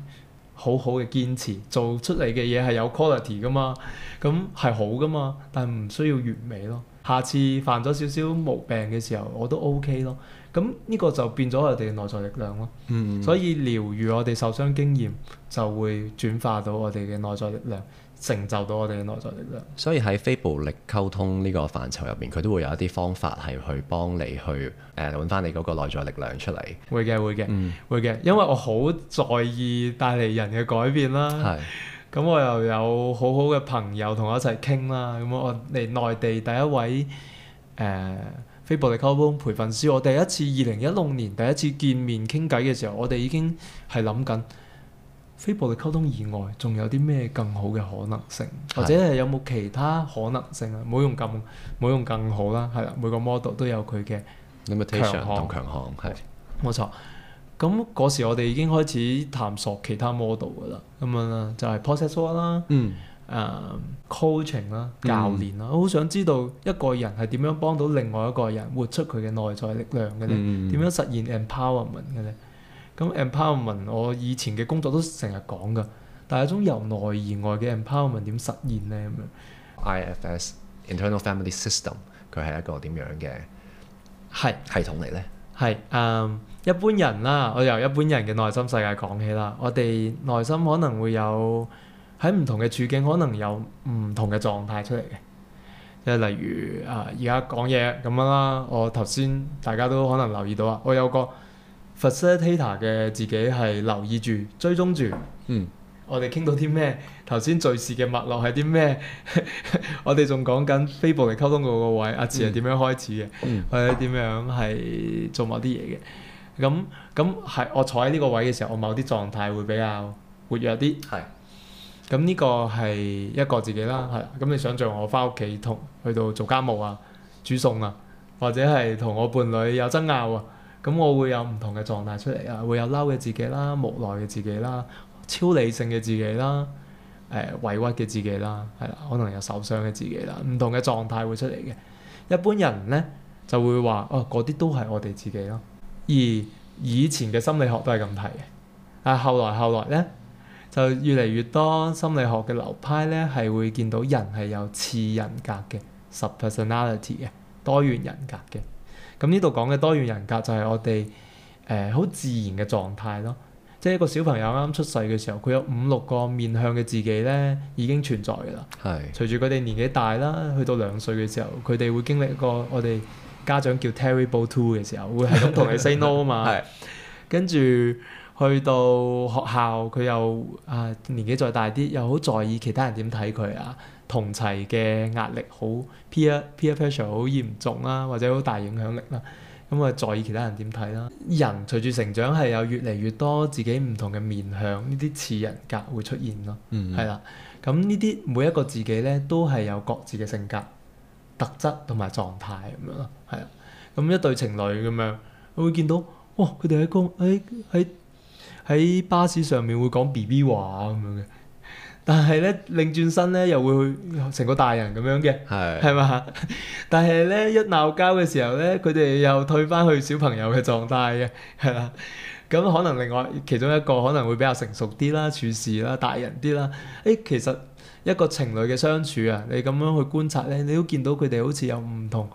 好好嘅堅持，做出嚟嘅嘢係有 quality 噶嘛，咁係好噶嘛，但唔需要完美咯。下次犯咗少少毛病嘅時候，我都 OK 咯。咁呢個就變咗我哋嘅內在力量咯。嗯，嗯。所以療愈我哋受傷經驗，就會轉化到我哋嘅內在力量，成就到我哋嘅內在力量。所以喺非暴力溝通呢個範疇入面，佢都會有一啲方法係去幫你去誒搵返你嗰個內在力量出嚟。會嘅，嗯、會嘅，會嘅，因為我好在意帶嚟人嘅改變啦。係。咁我又有好好嘅朋友同我一齊傾啦，咁我嚟內地第一位誒、呃、非暴力溝通培訓師，我第一次二零一六年第一次見面傾偈嘅時候，我哋已經係諗緊非暴力溝通以外，仲有啲咩更好嘅可能性，或者係有冇其他可能性啊？唔好用咁，唔好用更好啦，係啦，每個 model 都有佢嘅強項同強項，係冇 Limitation 錯。咁嗰時我哋已經開始探索其他 model 噶啦，咁樣啦，就係 process 啦，coaching 啦、教練啦、嗯，我好想知道一個人係點樣幫到另外一個人活出佢嘅內在力量嘅咧，點、嗯、樣實現 empowerment 嘅咧？咁 empowerment 我以前嘅工作都成日講噶，但係一種由內而外嘅 empowerment 點實現咧咁樣？IFS Internal Family System 佢係一個點樣嘅係系統嚟咧？係誒。一般人啦，我由一般人嘅內心世界講起啦。我哋內心可能會有喺唔同嘅處境，可能有唔同嘅狀態出嚟嘅。即係例如啊，而家講嘢咁樣啦。我頭先大家都可能留意到啊，我有個 facilitator 嘅自己係留意住、追蹤住。嗯。我哋傾到啲咩？頭先敘事嘅脈絡係啲咩？我哋仲講緊非暴力溝通嗰位，阿池係點樣開始嘅，或者點樣係做某啲嘢嘅。咁咁係我坐喺呢個位嘅時候，我某啲狀態會比較活躍啲。係咁呢個係一個自己啦，係咁你想象我返屋企同去到做家務啊、煮餸啊，或者係同我伴侶有爭拗啊，咁我會有唔同嘅狀態出嚟啊，會有嬲嘅自己啦、無奈嘅自己啦、超理性嘅自己啦、誒、呃、委屈嘅自己啦，係啦，可能有受傷嘅自己啦，唔同嘅狀態會出嚟嘅。一般人咧就會話，哦，嗰啲都係我哋自己咯。而以前嘅心理學都係咁睇嘅，啊後來後來咧就越嚟越多心理學嘅流派咧係會見到人係有次人格嘅十 p e r s o n a l i t y 嘅多元人格嘅。咁呢度講嘅多元人格就係我哋誒好自然嘅狀態咯，即係一個小朋友啱出世嘅時候，佢有五六個面向嘅自己咧已經存在㗎啦。係是。隨住佢哋年紀大啦，去到兩歲嘅時候，佢哋會經歷一個我哋家長叫 Terrible Two 嘅時候，會係咁同你 say no 啊嘛 的。係。跟住去到學校，佢又啊年紀再大啲，又好在意其他人點睇佢啊。同儕嘅壓力好 peer, peer pressure 好嚴重啊，或者好大影響力啦。咁啊，在意其他人點睇啦。人隨住成長係有越嚟越多自己唔同嘅面向，呢啲次人格會出現咯。嗯，嗯。係啦，咁呢啲每一個自己咧，都係有各自嘅性格。特質同埋狀態咁樣咯，係啊，咁一對情侶咁樣，會見到哇，佢哋喺公喺喺喺巴士上面會講 B B 話咁樣嘅，但係咧擰轉身咧又會去成個大人咁樣嘅，係係嘛，但係咧一鬧交嘅時候咧，佢哋又退翻去小朋友嘅狀態嘅，係啦，咁可能另外其中一個可能會比較成熟啲啦，處事啦，大人啲啦，誒、欸，其實。一個情侶嘅相處啊，你咁樣去觀察咧，你都見到佢哋好似有唔同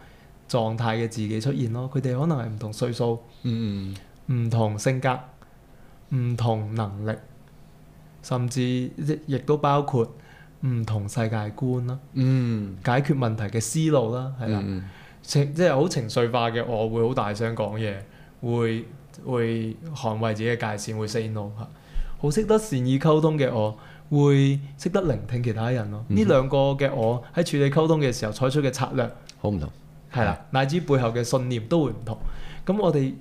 狀態嘅自己出現咯。佢哋可能係唔同歲數，mm hmm. 唔同性格，唔同能力，甚至亦都包括唔同世界觀啦，mm hmm. 解決問題嘅思路啦，係啦，mm hmm. 情即係好情緒化嘅我會好大聲講嘢，會會捍衞自己嘅界線，會 say no 吓，好識得善意溝通嘅我。會識得聆聽其他人咯，呢兩、嗯、哼個嘅我喺處理溝通嘅時候採取嘅策略好唔同，係啦吧，乃至背後嘅信念都會唔同。咁我哋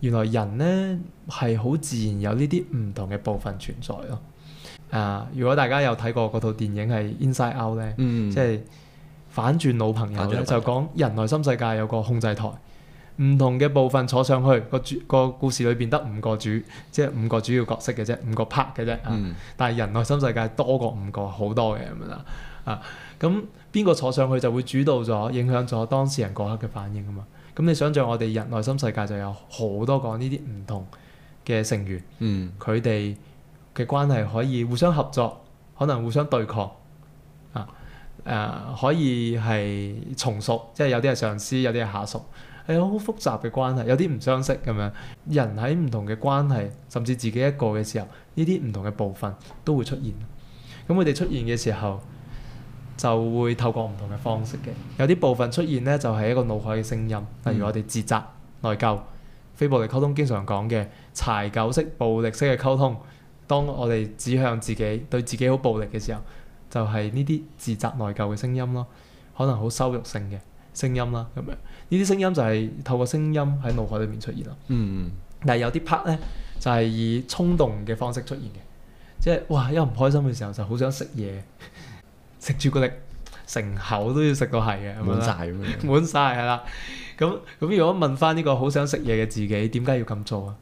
原來人呢，係好自然有呢啲唔同嘅部分存在咯。啊，如果大家有睇過嗰套電影係 Inside Out 咧，呢嗯嗯即係反轉老朋友咧，友就講人內心世界有個控制台。唔同嘅部分坐上去個主個故事裏邊得五個主，即係五個主要角色嘅啫，五個 part 嘅啫。嗯、但係人內心世界多過五個好多嘅咁啊！啊咁邊個坐上去就會主導咗，影響咗當事人嗰刻嘅反應啊嘛！咁你想像我哋人內心世界就有好多個呢啲唔同嘅成員，佢哋嘅關係可以互相合作，可能互相對抗啊誒、啊，可以係從屬，即係有啲係上司，有啲係下屬。係好複雜嘅關係，有啲唔相識咁樣。人喺唔同嘅關係，甚至自己一個嘅時候，呢啲唔同嘅部分都會出現。咁佢哋出現嘅時候，就會透過唔同嘅方式嘅。有啲部分出現呢，就係一個腦海嘅聲音，例如我哋自責、內疚、非暴力溝通經常講嘅柴狗式暴力式嘅溝通。當我哋指向自己，對自己好暴力嘅時候，就係呢啲自責內疚嘅聲音咯，可能好羞辱性嘅。聲音啦，咁樣呢啲聲音就係透過聲音喺腦海裏面出現啦。嗯嗯。但係有啲 part 咧，就係以衝動嘅方式出現嘅，即係哇，一唔開心嘅時候就好想食嘢，食朱古力成口都要食到係嘅，滿晒。咁嘅吧。滿曬係啦。咁咁， 如果問翻呢個好想食嘢嘅自己，點解要咁做啊？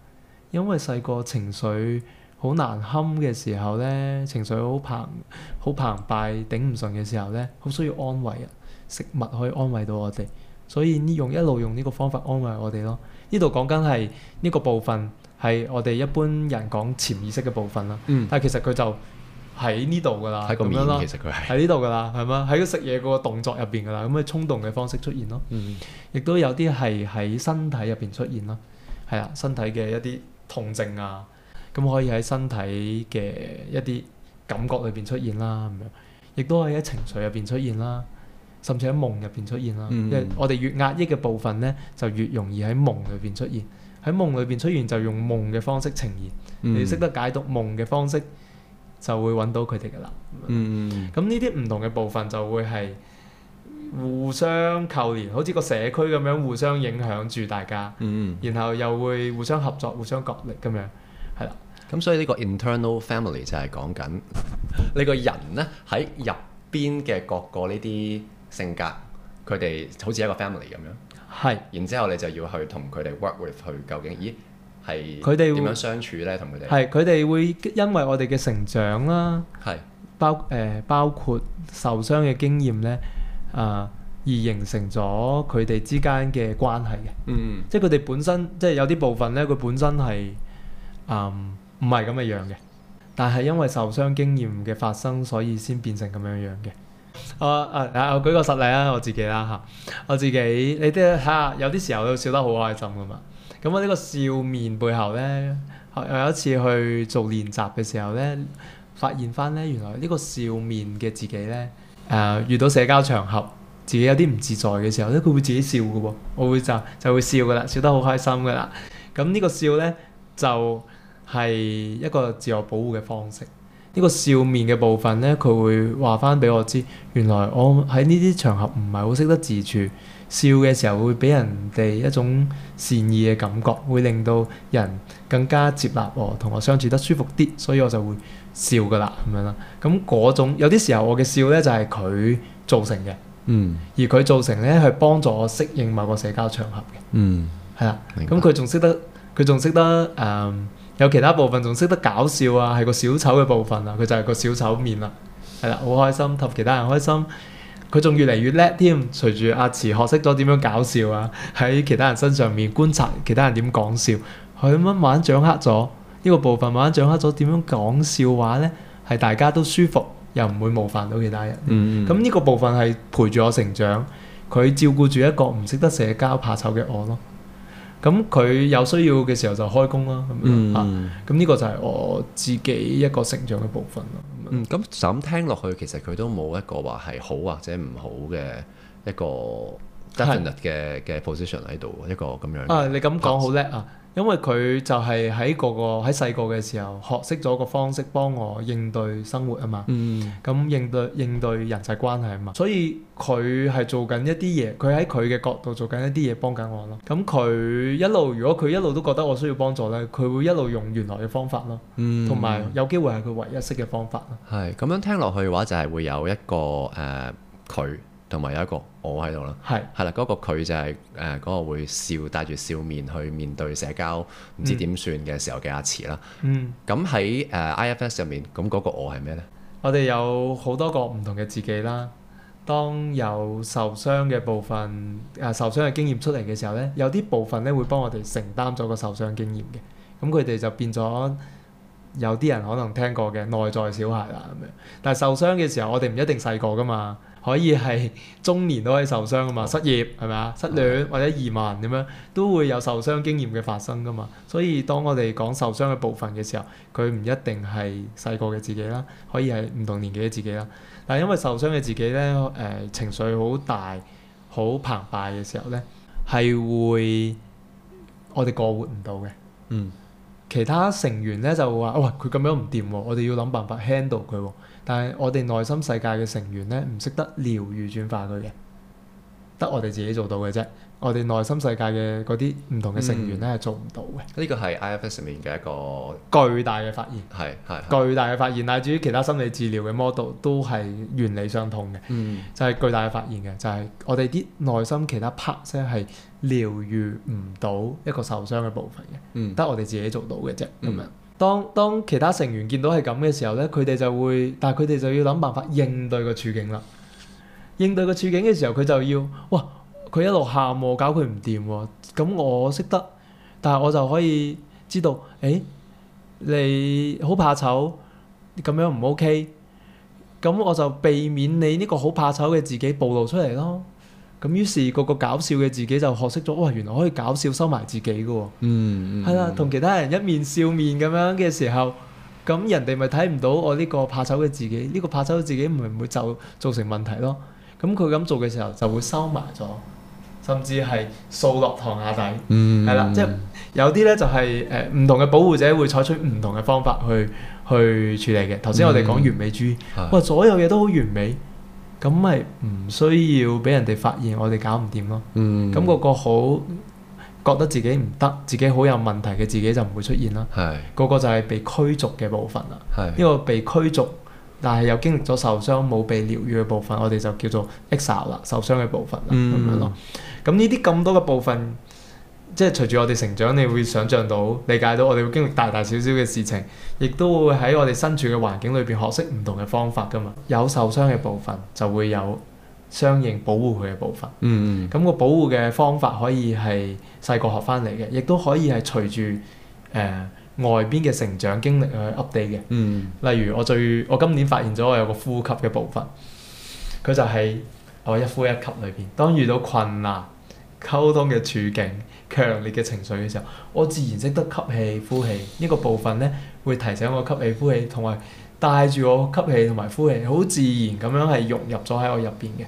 因為細個情緒好難堪嘅時候咧，情緒好澎好澎湃頂唔順嘅時候咧，好需要安慰啊。食物可以安慰到我哋，所以呢用一路用呢個方法安慰我哋咯。呢度講緊係呢個部分係我哋一般人講潛意識嘅部分啦。嗯、但係其實佢就喺呢度噶啦。咁樣咯，樣其實佢係。喺呢度噶啦，係咪？喺食嘢嗰個動作入邊噶啦，咁啊衝動嘅方式出現咯。亦都、嗯、有啲係喺身體入邊出現咯，係啊，身體嘅一啲痛症啊，咁可以喺身體嘅一啲感覺裏邊出現啦，咁樣。亦都係喺情緒入邊出現啦，甚至喺夢入邊出現啦，嗯、因為我哋越壓抑嘅部分呢，就越容易喺夢裏邊出現。喺夢裏邊出現就用夢嘅方式呈現，嗯、你要識得解讀夢嘅方式，就會揾到佢哋噶啦。咁呢啲唔同嘅部分就會係互相扣連，好似個社區咁樣，互相影響住大家。嗯、然後又會互相合作、互相角力咁樣，係啦。咁所以呢個 internal family 就係講緊你個人呢，喺入邊嘅各個呢啲性格，佢哋好似一個 family 咁樣，係是。然之後你就要去同佢哋 work with 去究竟咦係佢哋點樣相處咧？同佢哋係佢哋會因為我哋嘅成長啦，係是。包誒、呃、包括受傷嘅經驗咧，啊、呃、而形成咗佢哋之間嘅關係嘅。嗯，嗯，即係佢哋本身，即係有啲部分咧，佢本身係嗯唔係咁嘅樣嘅，但係因為受傷經驗嘅發生，所以先變成咁樣樣嘅。啊啊！我舉個實例啦，我自己啦吓，我自己你啲睇下，有啲時候都笑得好開心噶嘛。咁我呢個笑面背後咧，我有一次去做練習嘅時候咧，發現翻咧原來呢個笑面嘅自己咧，誒、呃、遇到社交場合，自己有啲唔自在嘅時候咧，佢會自己笑噶喎，我會就就會笑噶啦，笑得好開心噶啦。咁呢個笑咧就係、是、一個自我保護嘅方式。呢個笑面嘅部分呢，佢會話返俾我知，原來我喺呢啲場合唔係好識得自處，笑嘅時候會俾人哋一種善意嘅感覺，會令到人更加接納我，同我相處得舒服啲，所以我就會笑噶啦，咁樣啦。咁嗰種有啲時候，我嘅笑呢，就係、是、佢造成嘅，嗯，而佢造成呢，係幫助我適應某個社交場合嘅，嗯，係啦的。咁佢仲識得，佢仲識得誒。Um, 有其他部分仲識得搞笑啊，係個小丑嘅部分啊，佢就係個小丑面啦，係啦，好開心，氹其他人開心。佢仲越嚟越叻添，隨住阿池學識咗點樣搞笑啊，喺其他人身上面觀察其他人點講笑，佢慢慢掌握咗呢、這個部分，慢慢掌握咗點樣講笑話咧，係大家都舒服，又唔會冒犯到其他人。咁呢、嗯、個部分係陪住我成長，佢照顧住一個唔識得社交、怕醜嘅我咯。咁佢有需要嘅時候就開工啦，咁、嗯、啊，咁呢個就係我自己一個成長嘅部分咯。咁、嗯、就咁聽落去，其實佢都冇一個話係好或者唔好嘅一個 definite 嘅嘅 position 喺度，一個咁樣。啊，你咁講好叻啊！因為佢就係喺個個喺細個嘅時候學識咗個方式幫我應對生活啊嘛，咁、嗯嗯、應對應對人際關係啊嘛，所以佢係做緊一啲嘢，佢喺佢嘅角度做緊一啲嘢幫緊我咯。咁佢一路如果佢一路都覺得我需要幫助呢，佢會一路用原來嘅方法咯，同埋、嗯、有，有機會係佢唯一識嘅方法咯。係咁樣聽落去嘅話，就係會有一個誒佢。呃同埋有一個我喺度啦，係係啦，嗰個佢就係誒嗰個會笑帶住笑面去面對社交，唔知點算嘅時候嘅阿慈啦。嗯，咁喺誒 IFS 上面，咁嗰個我係咩呢？我哋有好多個唔同嘅自己啦。當有受傷嘅部分，誒受傷嘅經驗出嚟嘅時候呢，有啲部分呢會幫我哋承擔咗個受傷經驗嘅。咁佢哋就變咗有啲人可能聽過嘅內在小孩啦咁樣，但係受傷嘅時候，我哋唔一定細個噶嘛。可以係中年都可以受傷啊嘛，哦、失業係咪啊，失戀、嗯、或者移民，噉樣都會有受傷經驗嘅發生噶嘛。所以當我哋講受傷嘅部分嘅時候，佢唔一定係細個嘅自己啦，可以係唔同年紀嘅自己啦。但係因為受傷嘅自己咧，誒、呃、情緒好大、好澎湃嘅時候咧，係會我哋過活唔到嘅。嗯，其他成員咧就會話，哦，佢、呃、咁樣唔掂喎，我哋要諗辦法 handle 佢喎。但係我哋內心世界嘅成員咧，唔識得療癒轉化佢嘅，得我哋自己做到嘅啫。我哋內心世界嘅嗰啲唔同嘅成員咧，係、嗯、做唔到嘅。呢個係 IFS 面嘅一個巨大嘅發現，係係巨大嘅發現。乃至於其他心理治療嘅 model 都係原理相同嘅、嗯，就係巨大嘅發現嘅，就係我哋啲內心其他 part 係療癒唔到一個受傷嘅部分嘅，得、嗯、我哋自己做到嘅啫咁樣。嗯嗯。當當其他成員見到係咁嘅時候咧，佢哋就會，但係佢哋就要諗辦法應對個處境啦。應對個處境嘅時候，佢就要，哇！佢一路喊喎，搞佢唔掂喎，咁我識得，但係我就可以知道，誒、欸，你好怕醜，咁樣唔 OK，咁我就避免你呢個好怕醜嘅自己暴露出嚟咯。咁於是個個搞笑嘅自己就學識咗，哇！原來可以搞笑收埋自己嘅、嗯，嗯，係啦，同其他人一面笑面咁樣嘅時候，咁人哋咪睇唔到我呢個怕醜嘅自己，呢、呢個怕醜嘅自己唔係會就造成問題咯。咁佢咁做嘅時候就會收埋咗，甚至係掃落塘下底，嗯，係啦的，即係、嗯、有啲咧就係誒唔同嘅保護者會採取唔同嘅方法去去處理嘅。頭先我哋講完美主義，哇、嗯，所有嘢都好完美。咁咪唔需要俾人哋發現，我哋搞唔掂咯。咁、嗯、個個好覺得自己唔得，自己好有問題嘅自己就唔會出現啦。嗰是個就係被驅逐嘅部分啦。呢是個被驅逐，但係又經歷咗受傷、冇被療愈嘅部分，我哋就叫做 exile 啦，受傷嘅部分啦，咁、嗯、樣咯。咁呢啲咁多嘅部分。即係隨住我哋成長，你會想像到、理解到，我哋會經歷大大小小嘅事情，亦都會喺我哋身處嘅環境裏邊學識唔同嘅方法㗎嘛。有受傷嘅部分，就會有相應保護佢嘅部分。嗯嗯。咁、嗯、個保護嘅方法可以係細個學翻嚟嘅，亦都可以係隨住誒外邊嘅成長經歷去 update 嘅。呃、嗯。例如我最我今年發現咗我有個呼吸嘅部分，佢就係我一呼一吸裏邊。當遇到困難、溝通嘅處境，強烈嘅情緒嘅時候，我自然識得吸氣、呼氣，呢個部分呢，會提醒我吸氣、呼氣，同埋帶住我吸氣同埋呼氣，好自然咁樣係融入咗喺我入邊嘅。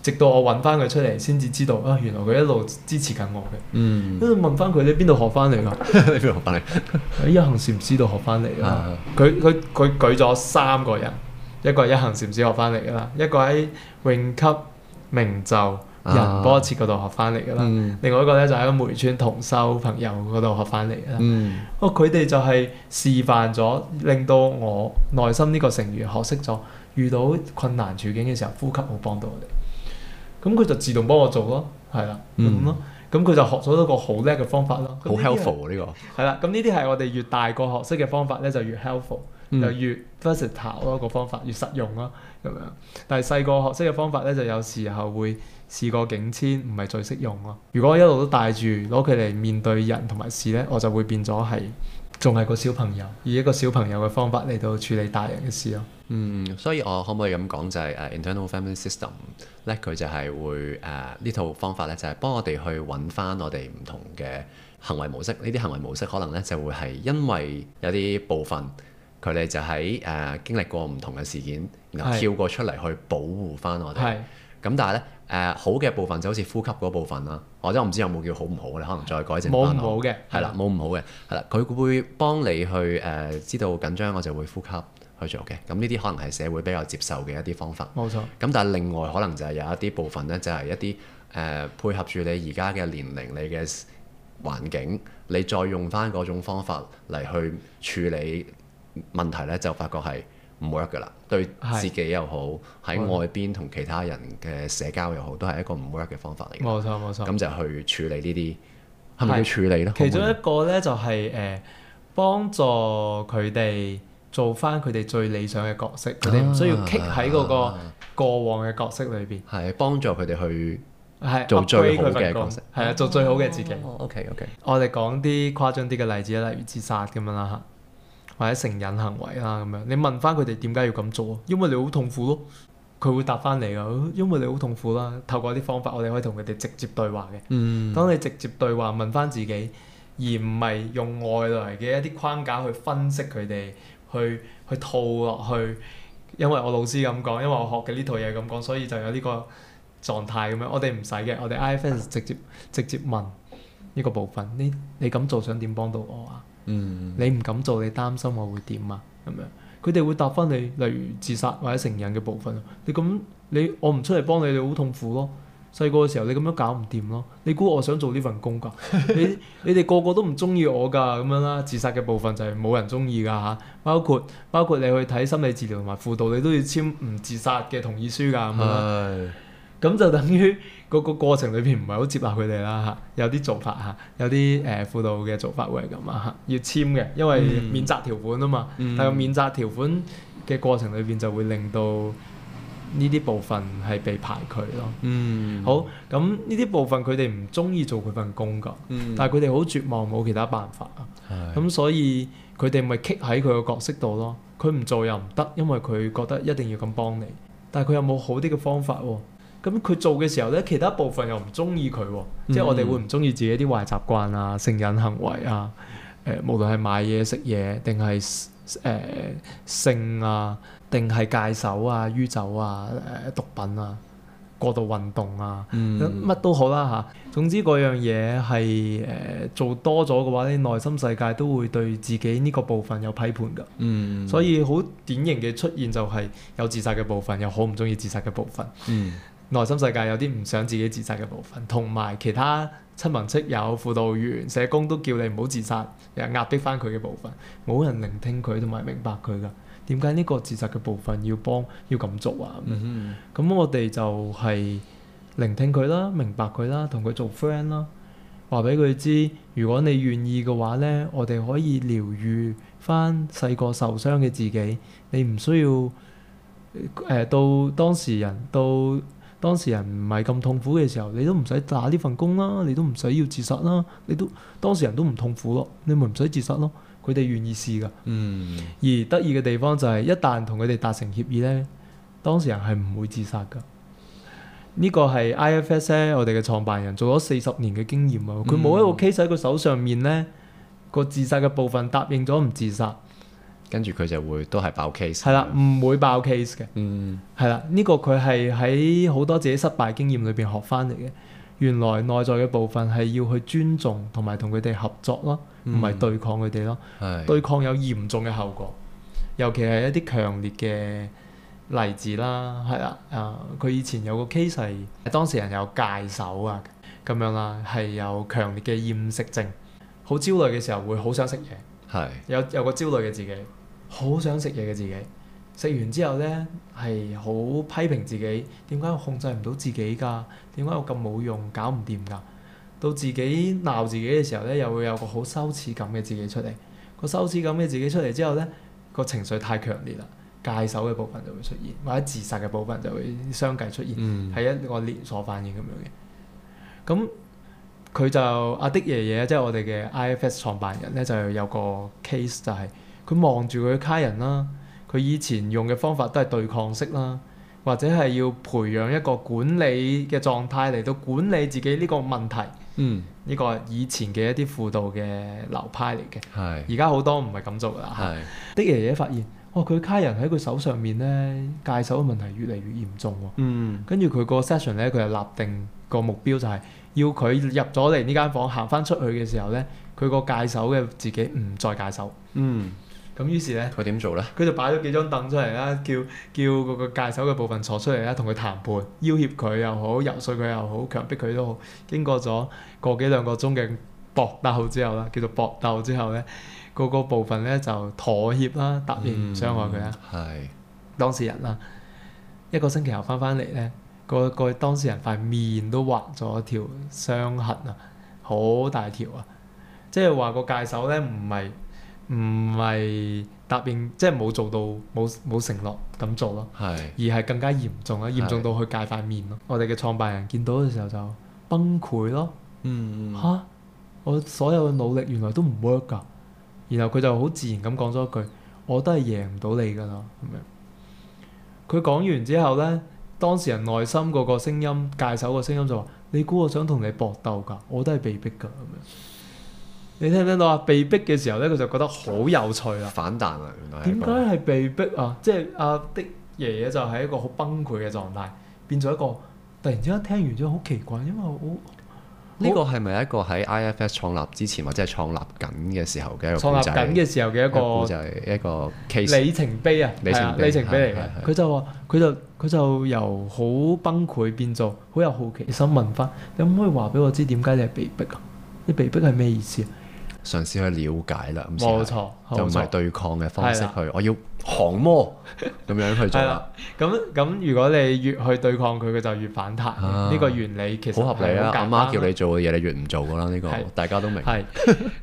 直到我揾翻佢出嚟，先至知道啊，原來佢一路支持緊我嘅。嗯，跟住問翻佢，你邊度學翻嚟㗎？ 你邊度學翻嚟？喺一行禪師度學翻嚟啊！佢佢佢舉咗三個人，一個係一行禪師學翻嚟㗎啦，一個喺詠給明就，人嗰一次嗰度學翻嚟噶啦，嗯、另外一個咧就喺、是、梅村同修朋友嗰度學翻嚟啦。哦、嗯，佢哋就係示範咗，令到我內心呢個成員學識咗，遇到困難處境嘅時候，呼吸好幫到我哋。咁佢就自動幫我做咯，係啦，咁咯，咁佢、嗯、就學咗一個好叻嘅方法咯。好 helpful 呢個係啦，咁呢啲係我哋越大個學識嘅方法咧，就越 helpful、嗯、就越 versatile 咯，個方法越實用咯，咁樣。但係細個學識嘅方法咧，就有時候會，事過境遷唔係最適用咯。如果我一路都帶住攞佢嚟面對人同埋事呢，我就會變咗係仲係個小朋友，以一個小朋友嘅方法嚟到處理大人嘅事咯。嗯，所以我可唔可以咁講就係、是、Internal Family System 咧？佢就係會誒呢套方法呢，就係幫我哋去揾翻我哋唔同嘅行為模式。呢啲行為模式可能呢，就會係因為有啲部分佢哋就喺誒、呃、經歷過唔同嘅事件，然後跳過出嚟去保護翻我哋。咁是但係呢。誒、呃、好嘅部分就好似呼吸嗰部分啦，或、啊、者我唔知有冇叫好唔好，你可能再改正翻啦。冇唔好嘅，係啦，冇唔好嘅，係啦，佢會幫你去誒、呃、知道緊張，我就會呼吸去做嘅。咁呢啲可能係社會比較接受嘅一啲方法。冇錯。咁但係另外可能就係有一啲部分咧，就係、是、一啲誒、呃、配合住你而家嘅年齡、你嘅環境，你再用翻嗰種方法嚟去處理問題咧，就發覺係，唔 work 噶啦，對自己又好，喺是外邊同其他人嘅社交又好，都係一個唔 work 嘅方法嚟嘅。冇錯冇錯。咁就去處理呢啲，係咪要處理咧？是嗎其中一個咧就係、是、誒、呃、幫助佢哋做翻佢哋最理想嘅角色，佢哋唔需要 k 喺嗰個過往嘅角色裏邊。係幫助佢哋去是做最好嘅角色，係啊，做最好嘅自己。啊、OK OK。我哋講啲誇張啲嘅例子啦，例如自殺咁樣啦。或者成癮行為啦咁樣，你問翻佢哋點解要咁做啊？因為你好痛苦咯，佢會答翻你噶，因為你好痛苦啦。透過啲方法，我哋可以同佢哋直接對話嘅。嗯。當你直接對話，問翻自己，而唔係用外來嘅一啲框架去分析佢哋，去去套落去。因為我老師咁講，因為我學嘅呢套嘢咁講，所以就有呢個狀態咁樣。我哋唔使嘅，我哋 IFS 直接直接問呢個部分。你你咁做想點幫到我啊？嗯，你唔敢做，你擔心我會點啊？咁樣，佢哋會答返你，例如自殺或者成癮嘅部分。你咁你我唔出嚟幫你，你好痛苦咯。細個嘅時候你咁樣搞唔掂咯。你估我想做呢份工㗎？你你哋個個都唔中意我㗎咁樣啦。自殺嘅部分就係冇人中意㗎嚇，包括包括你去睇心理治療同埋輔導，你都要簽唔自殺嘅同意書㗎咁樣。是 咁就等於個個過程裏邊唔係好接納佢哋啦嚇，有啲做法嚇，有啲誒、呃、輔導嘅做法會係咁啊嚇，要簽嘅，因為免責條款啊嘛。嗯、但係免責條款嘅過程裏邊就會令到呢啲部分係被排拒咯。嗯。好，咁呢啲部分佢哋唔中意做佢份工㗎，嗯、但係佢哋好絕望，冇其他辦法啊。係。咁所以佢哋咪棘喺佢個角色度咯。佢唔做又唔得，因為佢覺得一定要咁幫你。但係佢有冇好啲嘅方法喎？咁佢做嘅時候咧，其他部分又唔中意佢，嗯、即係我哋會唔中意自己啲壞習慣啊、成癮行為啊、誒、呃，無論係買嘢食嘢定係誒性啊，定係戒手啊、酗酒啊、誒、呃、毒品啊、過度運動啊，乜、嗯、都好啦、啊、嚇。總之嗰樣嘢係誒做多咗嘅話咧，你內心世界都會對自己呢個部分有批判噶。嗯，所以好典型嘅出現就係有自殺嘅部分，又好唔中意自殺嘅部分。嗯。內心世界有啲唔想自己自殺嘅部分，同埋其他親朋戚友、輔導員、社工都叫你唔好自殺，又壓迫翻佢嘅部分，冇人聆聽佢同埋明白佢㗎。點解呢個自殺嘅部分要幫要咁做啊？咁、嗯、哼我哋就係聆聽佢啦，明白佢啦，同佢做 friend 啦，話俾佢知，如果你願意嘅話咧，我哋可以療癒翻細個受傷嘅自己。你唔需要誒、呃、到當事人到。當事人唔係咁痛苦嘅時候，你都唔使打呢份工啦，你都唔使要自殺啦，你都當事人都唔痛苦咯，你咪唔使自殺咯，佢哋願意試噶。嗯。而得意嘅地方就係、是、一旦同佢哋達成協議咧，當事人係唔會自殺噶。呢個係 IFS 呀，我哋嘅創辦人做咗四十年嘅經驗啊，佢冇一個 case 喺佢手上面咧，個自殺嘅部分答應咗唔自殺。跟住佢就會都係爆 case。係啦，唔會爆 case 嘅。嗯，係啦，呢、這個佢係喺好多自己失敗經驗裏邊學翻嚟嘅。原來內在嘅部分係要去尊重同埋同佢哋合作咯，唔係、嗯、對抗佢哋咯。係的對抗有嚴重嘅後果，尤其係一啲強烈嘅例子啦，係啦，誒、啊，佢以前有個 case 係當事人有戒手啊咁樣啦，係有強烈嘅厭食症，好焦慮嘅時候會好想食嘢。係有有個焦慮嘅自己。好想食嘢嘅自己，食完之後咧係好批評自己，點解我控制唔到自己㗎？點解我咁冇用，搞唔掂㗎？到自己鬧自己嘅時候咧，又會有個好羞恥感嘅自己出嚟。個羞恥感嘅自己出嚟之後咧，個情緒太強烈啦，戒手嘅部分就會出現，或者自殺嘅部分就會相繼出現，係、嗯、一個連鎖反應咁樣嘅。咁佢就阿的爺爺，即、就、係、是、我哋嘅 IFS 創辦人咧，就有個 case 就係、是。佢望住佢嘅客人啦，佢以前用嘅方法都係對抗式啦，或者係要培養一個管理嘅狀態嚟到管理自己呢個問題。嗯，呢個以前嘅一啲輔導嘅流派嚟嘅。係是。而家好多唔係咁做啦。係是。的爺爺發現，哇、哦！佢客人喺佢手上面咧，界手嘅問題越嚟越嚴重喎、啊。嗯。跟住佢個 session 咧，佢係立定個目標就係要佢入咗嚟呢間房行返出去嘅時候咧，佢個界手嘅自己唔再界手。嗯。咁於是咧，佢點做咧？佢就擺咗幾張凳出嚟啦，叫叫嗰個介手嘅部分坐出嚟啦，同佢談判，要挾佢又好，游說佢又好，強迫佢都好。經過咗個幾兩個鐘嘅搏鬥之後啦，叫做搏鬥之後咧，嗰個部分咧就妥協啦，答應唔傷害佢啦。係、嗯，當事人啦，一個星期後翻翻嚟咧，個個當事人塊面都畫咗條傷痕啊，好大條啊！即係話個介手咧唔係。唔係答應，即係冇做到，冇冇承諾咁做咯。係。是的 而係更加嚴重啊！嚴重到佢界塊面咯。是的 我哋嘅創辦人見到嘅時候就崩潰咯。嗯嗯、啊。我所有嘅努力原來都唔 work 㗎。然後佢就好自然咁講咗一句：我都係贏唔到你㗎啦。咁樣。佢講完之後咧，當事人內心嗰個聲音、界手個聲音就話：你估我想同你搏鬥㗎？我都係被逼㗎。咁樣。你聽唔聽到啊？被逼嘅時候咧，佢就覺得好有趣啦。反彈啦，原來點解係被逼啊？即係阿的爺爺就係一個好崩潰嘅狀態，變咗一個突然之間聽完之後好奇怪，因為我呢個係咪一個喺 IFS 創立之前或者係創立緊嘅時候嘅創立緊嘅時候嘅一個就係一個里程碑啊！里程碑嚟嘅，佢就話佢就佢就由好崩潰變做好有好奇心，問翻你可唔可以話俾我知點解你係被逼啊？你被逼係咩意思啊？嘗試去了解啦，冇錯就唔係對抗嘅方式去。我要降魔，咁樣去做啦。咁咁，如果你越去對抗佢，佢就越反彈。呢個原理其實好合理啊！阿媽叫你做嘅嘢，你越唔做啦。呢個大家都明。係。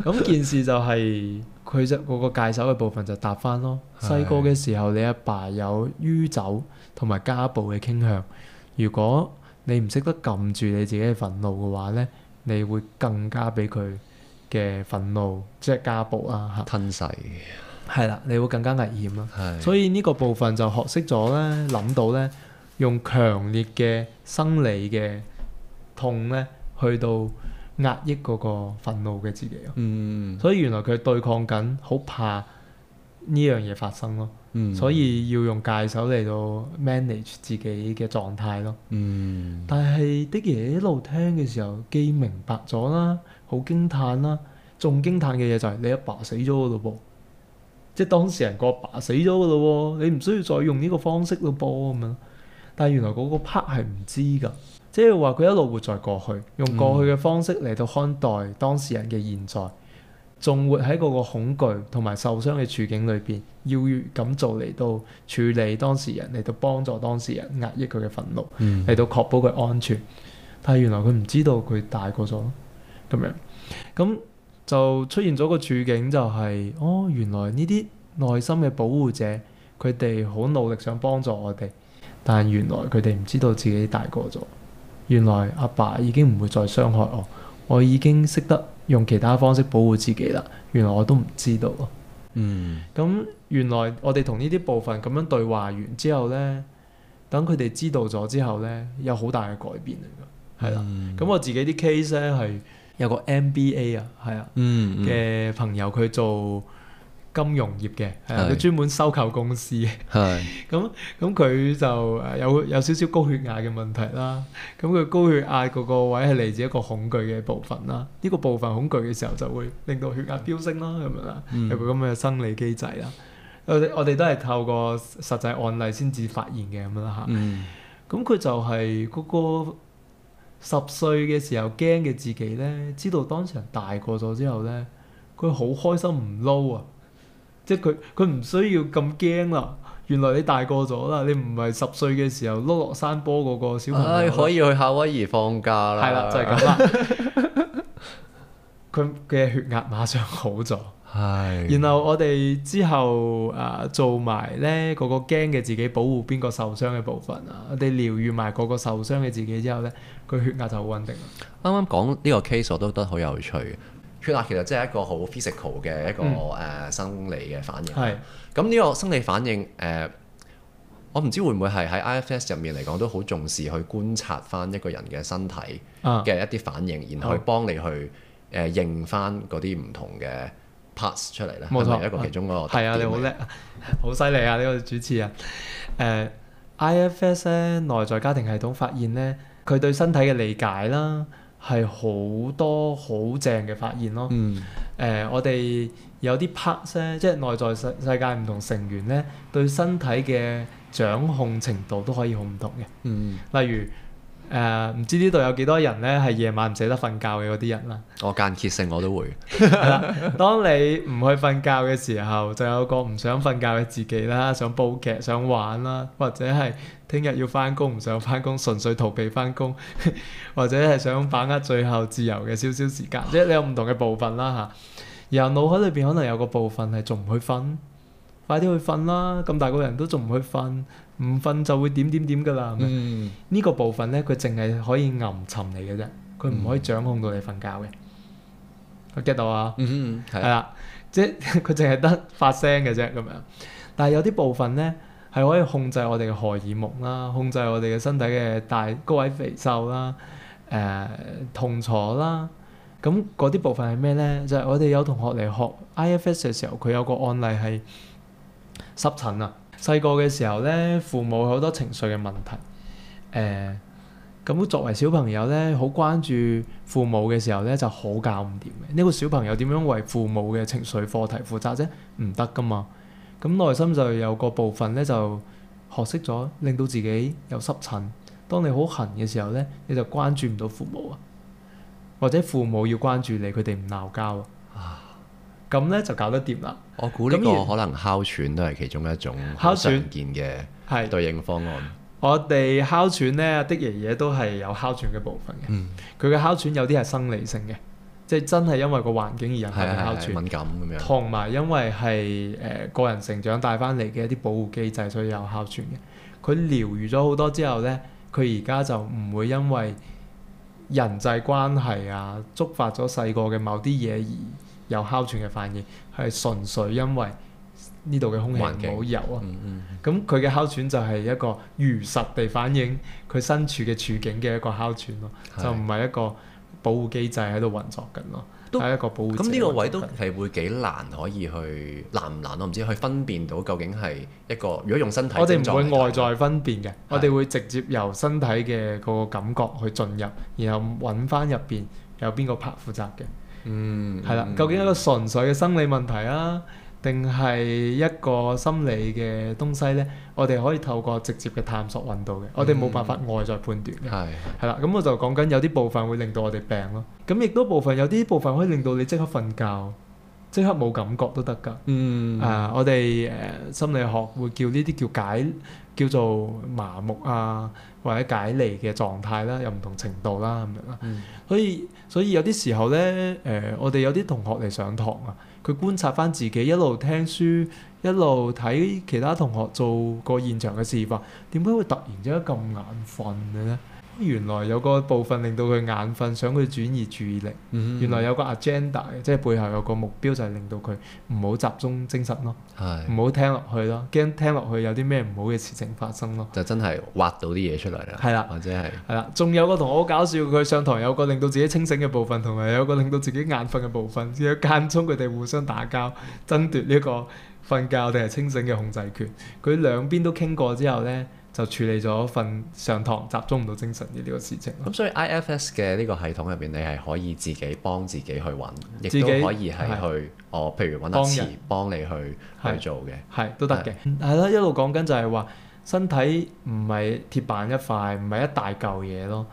咁件事就係佢就嗰個戒手嘅部分就搭翻咯。細個嘅時候，你阿爸有酗酒同埋家暴嘅傾向。如果你唔識得撳住你自己嘅憤怒嘅話呢，你會更加俾佢嘅憤怒，即係家暴啊！嚇，吞噬係啦，你會更加危險啊！係，所以呢個部分就學識咗咧，諗到咧，用強烈嘅生理嘅痛咧，去到壓抑嗰個憤怒嘅自己啊！嗯，所以原來佢對抗緊，好怕呢樣嘢發生咯。嗯，所以要用戒手嚟到 manage 自己嘅狀態咯。嗯，但係啲嘢一路聽嘅時候，既明白咗啦。好驚嘆啦，仲驚嘆嘅嘢就係你阿爸死咗噶咯啵，即係當事人個阿爸死咗噶咯，你唔需要再用呢個方式咯啵，咁樣。但係原來嗰個 part 係唔知噶，即係話佢一路活在過去，用過去嘅方式嚟到看待當事人嘅現在，仲、嗯、活喺嗰個恐懼同埋受傷嘅處境裏邊，要咁做嚟到處理當事人，嚟到幫助當事人壓抑佢嘅憤怒，嚟、嗯、到確保佢安全。但係原來佢唔知道佢大過咗咁樣。咁就出現咗個處境，就是，就係哦，原來呢啲內心嘅保護者，佢哋好努力想幫助我哋，但原來佢哋唔知道自己大個咗，原來阿爸，爸已經唔會再傷害我，我已經識得用其他方式保護自己啦。原來我都唔知道啊。嗯，咁原來我哋同呢啲部分咁樣對話完之後咧，等佢哋知道咗之後咧，有好大嘅改變嚟噶，係啦。咁、嗯、我自己啲 case 咧係。有個 MBA 啊，係啊，嘅朋友佢、嗯嗯、做金融業嘅，係啊的，佢專門收購公司。係咁咁，佢 就有有少少高血壓嘅問題啦。咁佢高血壓嗰個位係嚟自一個恐懼嘅部分啦。呢、這個部分恐懼嘅時候就會令到血壓飆升啦，咁、嗯、樣啦，有個咁嘅生理機制啦。我哋我哋都係透過實際案例先至發現嘅咁樣嚇。咁佢就係嗰、那個。十歲嘅時候驚嘅自己呢，知道當事人大個咗之後呢，佢好開心唔撈啊！即係佢佢唔需要咁驚啦。原來你大個咗啦，你唔係十歲嘅時候碌落山坡嗰個小朋友，哎。可以去夏威夷放假啦。係啦， 就係咁啦。佢嘅 血壓馬上好咗。係。是的 然後我哋之後誒、啊、做埋呢個個驚嘅自己保護邊個受傷嘅部分啊，我哋療愈埋個個受傷嘅自己之後呢。佢血壓就好穩定。啱啱講呢個 case 我都覺得好有趣。血壓其實即係一個好 physical 嘅一個誒生理嘅反應。係、嗯。咁呢個生理反應誒、呃，我唔知會唔會係喺 IFS 入面嚟講都好重視去觀察翻一個人嘅身體嘅一啲反應，啊、然後去幫你去誒認翻嗰啲唔同嘅 parts 出嚟咧。冇錯，是是一個其中個係、嗯、啊！你好叻， 好犀利啊！呢、這個主持人誒 IFS 咧，呃、IF 內在家庭系統發現咧。佢對身體嘅理解啦，係好多好正嘅發現咯。誒，嗯，呃，我哋有啲 part 咧，即係內在世世界唔同成員咧，對身體嘅掌控程度都可以好唔同嘅。嗯，例如。誒，uh，唔知呢度有幾多人咧？係夜晚唔捨得瞓覺嘅嗰啲人啦。我間歇性我都會。 當你唔去瞓覺嘅時候，就有個唔想瞓覺嘅自己啦，想煲劇、想玩啦，或者係聽日要翻工唔想翻工，純粹逃避翻工， 或者係想把握最後自由嘅少少時間。即係你有唔同嘅部分啦嚇。然後腦海裏邊可能有個部分係仲唔去瞓，快啲去瞓啦！咁大個人都仲唔去瞓？唔瞓就會點點點噶啦，呢、嗯、個部分咧，佢淨係可以吟沉嚟嘅啫，佢唔可以掌控到你瞓覺嘅。嗯、我 get 到啊？係啦、嗯嗯，即係佢淨係得發聲嘅啫咁樣。但係有啲部分咧係可以控制我哋嘅荷爾蒙啦，控制我哋嘅身體嘅大高矮肥瘦啦、誒痛楚啦。咁嗰啲部分係咩咧？就係、是、我哋有同學嚟學 IFS 嘅時候，佢有個案例係濕疹啊。細個嘅時候咧，父母好多情緒嘅問題，誒、呃，咁作為小朋友咧，好關注父母嘅時候咧，就好搞唔掂嘅。呢、這個小朋友點樣為父母嘅情緒課題負責啫？唔得㗎嘛。咁內心就有個部分咧，就學識咗令到自己有濕疹。當你好痕嘅時候咧，你就關注唔到父母啊，或者父母要關注你，佢哋唔鬧交啊。咁咧就搞得掂啦。我估呢個可能哮喘都係其中一種常見嘅對應方案。我哋哮喘咧的爺爺都係有哮喘嘅部分嘅。佢嘅哮喘有啲係生理性嘅，即係真係因為個環境而引起嘅哮喘敏感咁樣。同埋因為係誒個人成長帶翻嚟嘅一啲保護機制，所以有哮喘嘅。佢療癒咗好多之後咧，佢而家就唔會因為人際關係啊，觸發咗細個嘅某啲嘢而。有哮喘嘅反應係純粹因為呢度嘅空氣唔好油啊！咁佢嘅哮喘就係一個如實地反映佢身處嘅處境嘅一個哮喘咯，的就唔係一個保護機制喺度運作緊咯。都係一個保護。咁呢個位都係會幾難，可以去難唔難，我唔知去分辨到究竟係一個如果用身體，我哋唔會外在分辨嘅，的我哋會直接由身體嘅個感覺去進入，然後揾返入邊有邊個 part 負責嘅。嗯，係啦了，嗯、究竟一個純粹嘅生理問題啊，定係一個心理嘅東西咧？我哋可以透過直接嘅探索搵到嘅，嗯、我哋冇辦法外在判斷嘅。係的，係啦，咁我就講緊有啲部分會令到我哋病咯，咁亦都部分有啲部分可以令到你即刻瞓覺。即刻冇感覺都得㗎，誒、嗯啊，我哋誒、呃、心理學會叫呢啲叫解叫做麻木啊，或者解離嘅狀態啦，又唔同程度啦，咁樣啦、嗯所，所以所以有啲時候咧，誒、呃，我哋有啲同學嚟上堂啊，佢觀察翻自己一路聽書，一路睇其他同學做過現場嘅示範，點解會突然之間咁眼瞓嘅咧？原來有個部分令到佢眼瞓，想佢轉移注意力。嗯、原來有個 agenda，即係背後有個目標，就係令到佢唔好集中精神咯，唔好的聽落去咯，驚聽落去有啲咩唔好嘅事情發生咯。就真係挖到啲嘢出嚟啦。係啦的，或者係係啦。仲有個同我好搞笑，佢上堂有個令到自己清醒嘅部分，同埋有個令到自己眼瞓嘅部分，要間中佢哋互相打交，爭奪呢個瞓覺定係清醒嘅控制權。佢兩邊都傾過之後咧，就處理咗瞓上堂集中唔到精神嘅呢個事情，咁所以 IFS 嘅呢個系統入邊，你係可以自己幫自己去揾，亦都自己 可以係去，的哦，譬如揾阿池幫你去的去做嘅，係都得嘅。係啦、嗯，一路講緊就係話身體唔係鐵板一塊，唔係一大嚿嘢咯。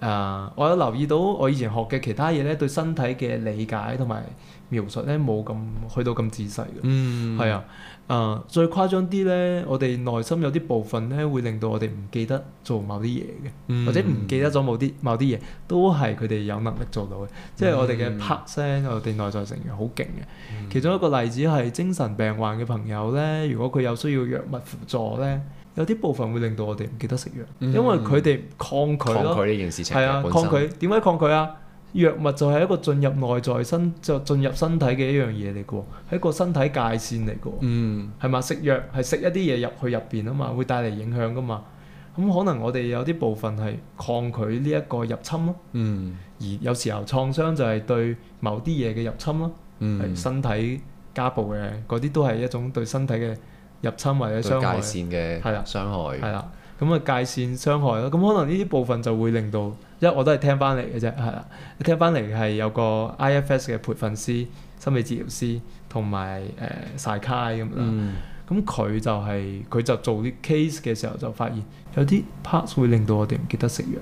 誒、uh，我有留意到我以前學嘅其他嘢呢，對身體嘅理解同埋描述呢，冇咁去到咁仔細嘅。嗯，係啊。啊！再、uh, 誇張啲咧，我哋內心有啲部分咧，會令到我哋唔記得做某啲嘢嘅，嗯、或者唔記得咗某啲某啲嘢，都係佢哋有能力做到嘅。即係我哋嘅 parts，我哋內在成員好勁嘅。嗯、其中一個例子係精神病患嘅朋友咧，如果佢有需要藥物輔助咧，有啲部分會令到我哋唔記得食藥，嗯、因為佢哋抗拒抗拒呢件事情係啊，抗拒點解抗拒啊？藥物就係一個進入內在身，就、進入身體嘅一樣嘢嚟嘅喎，係一個身體界線嚟嘅喎，係嘛、嗯？食藥係食一啲嘢入去入邊啊嘛，會帶嚟影響噶嘛。咁可能我哋有啲部分係抗拒呢一個入侵咯，嗯、而有時候創傷就係對某啲嘢嘅入侵咯，係、嗯、身體家暴嘅嗰啲都係一種對身體嘅入侵或者傷害。界線嘅係啦，傷害係啦。咁嘅界線傷害咯，咁可能呢啲部分就會令到，因為我都係聽翻嚟嘅啫，係啦，聽翻嚟係有個 IFS 嘅培訓師、心理治療師同埋誒曬卡咁啦。咁佢、呃嗯、就係、是、佢就做啲 case 嘅時候就發現有啲 part 會令到我哋唔記得食藥。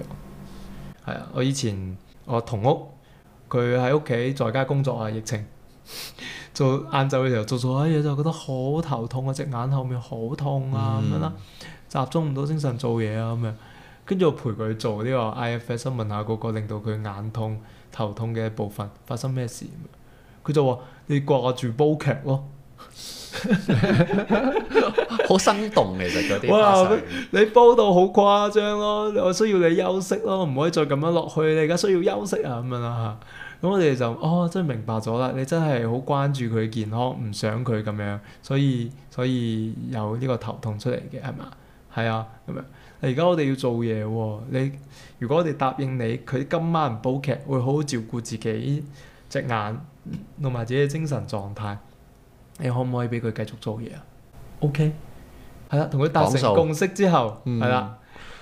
係啊，我以前我同屋佢喺屋企在家工作啊，疫情 做晏晝嘅時候做咗啲嘢，哎、就覺得好頭痛啊，隻眼後面好痛啊咁、嗯、樣啦。集中唔到精神做嘢啊咁樣，跟住我陪佢做呢個 IFS，問下嗰個令到佢眼痛頭痛嘅部分發生咩事，佢就話：你掛住煲劇咯，好生動其實嗰啲，你煲到好誇張咯，我需要你休息咯，唔可以再咁樣落去，你而家需要休息啊咁樣啦。咁、嗯、我哋就哦真係明白咗啦，你真係好關注佢健康，唔想佢咁樣，所以所以有呢個頭痛出嚟嘅係嘛？係啊，咁樣。而家我哋要做嘢喎、哦，你如果我哋答應你，佢今晚唔煲劇，會好好照顧自己隻眼同埋自己嘅精神狀態，你可唔可以俾佢繼續做嘢啊？OK，係啦，同佢達成共識之後，係啦。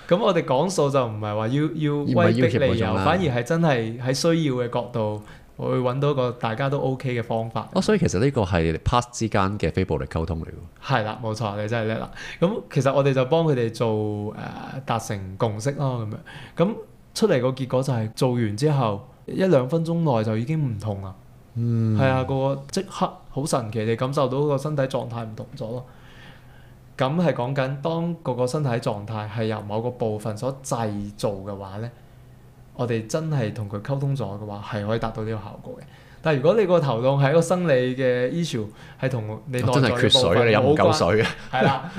咁我哋講數就唔係話要要，要威逼利誘，而反而係真係喺需要嘅角度。會揾到個大家都 OK 嘅方法。哦，所以其實呢個係 parts 之間嘅非暴力溝通嚟㗎。係啦，冇錯，你真係叻啦。咁其實我哋就幫佢哋做誒、呃、達成共識咯，咁樣。咁出嚟個結果就係做完之後一兩分鐘內就已經唔同啦。嗯。係啊，個即刻好神奇地感受到個身體狀態唔同咗咯。咁係講緊當個個身體狀態係由某個部分所製造嘅話呢。我哋真係同佢溝通咗嘅話，係可以達到呢個效果嘅。但係如果你個頭痛係一個生理嘅 issue，係同你內在嘅部分冇關。真係缺水啊！你飲唔夠水嘅。係啦，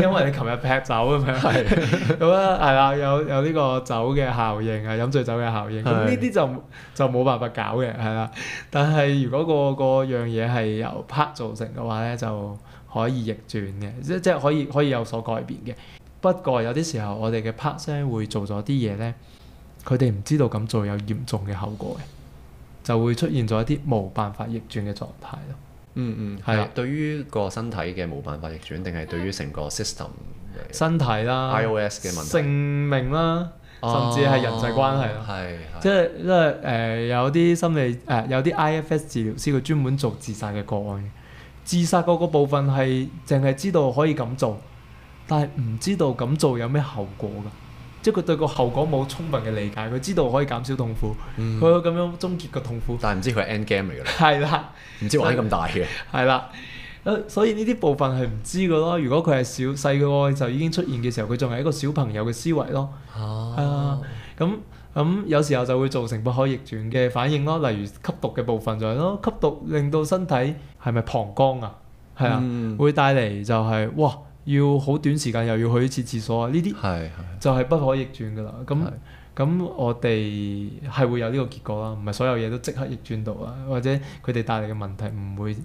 因為你琴日劈酒咁樣。係咁啊，係啦，有有呢個酒嘅效應啊，飲醉酒嘅效應。咁呢啲就就冇辦法搞嘅，係啦。但係如果、個、個樣嘢係由 part 造成嘅話咧，就可以逆轉嘅，即即係可以可以有所改變嘅。不過有啲時候我哋嘅 part 呢會做咗啲嘢咧。佢哋唔知道咁做有嚴重嘅後果嘅，就會出現咗一啲冇辦法逆轉嘅狀態咯、嗯。嗯嗯，係對於個身體嘅冇辦法逆轉，定係對於成個 system？身體啦、啊，IOS 嘅問題，性命啦、啊，甚至係人際關係。啊。係、哦，即係因為誒有啲心理誒、呃、有啲 IFS 治療師，佢專門做自殺嘅個案。自殺嗰個部分係淨係知道可以咁做，但係唔知道咁做有咩後果㗎。即係佢對個後果冇充分嘅理解，佢知道可以減少痛苦，佢要咁樣終結個痛苦。但係唔知佢係 endgame 嚟㗎。係啦的，唔知玩咁大嘅。係啦，所以呢啲部分係唔知㗎咯。如果佢係小細個就已經出現嘅時候，佢仲係一個小朋友嘅思維咯。哦。係啊，咁咁有時候就會造成不可逆轉嘅反應咯。例如吸毒嘅部分就係、是、咯，吸毒令到身體係咪膀胱啊？係啊，嗯、會帶嚟就係、是、哇。要好短時間又要去一次廁所啊！呢啲就係不可逆轉㗎啦。咁咁是是 我哋係會有呢個結果啦，唔係所有嘢都即刻逆轉到啊，或者佢哋帶嚟嘅問題唔會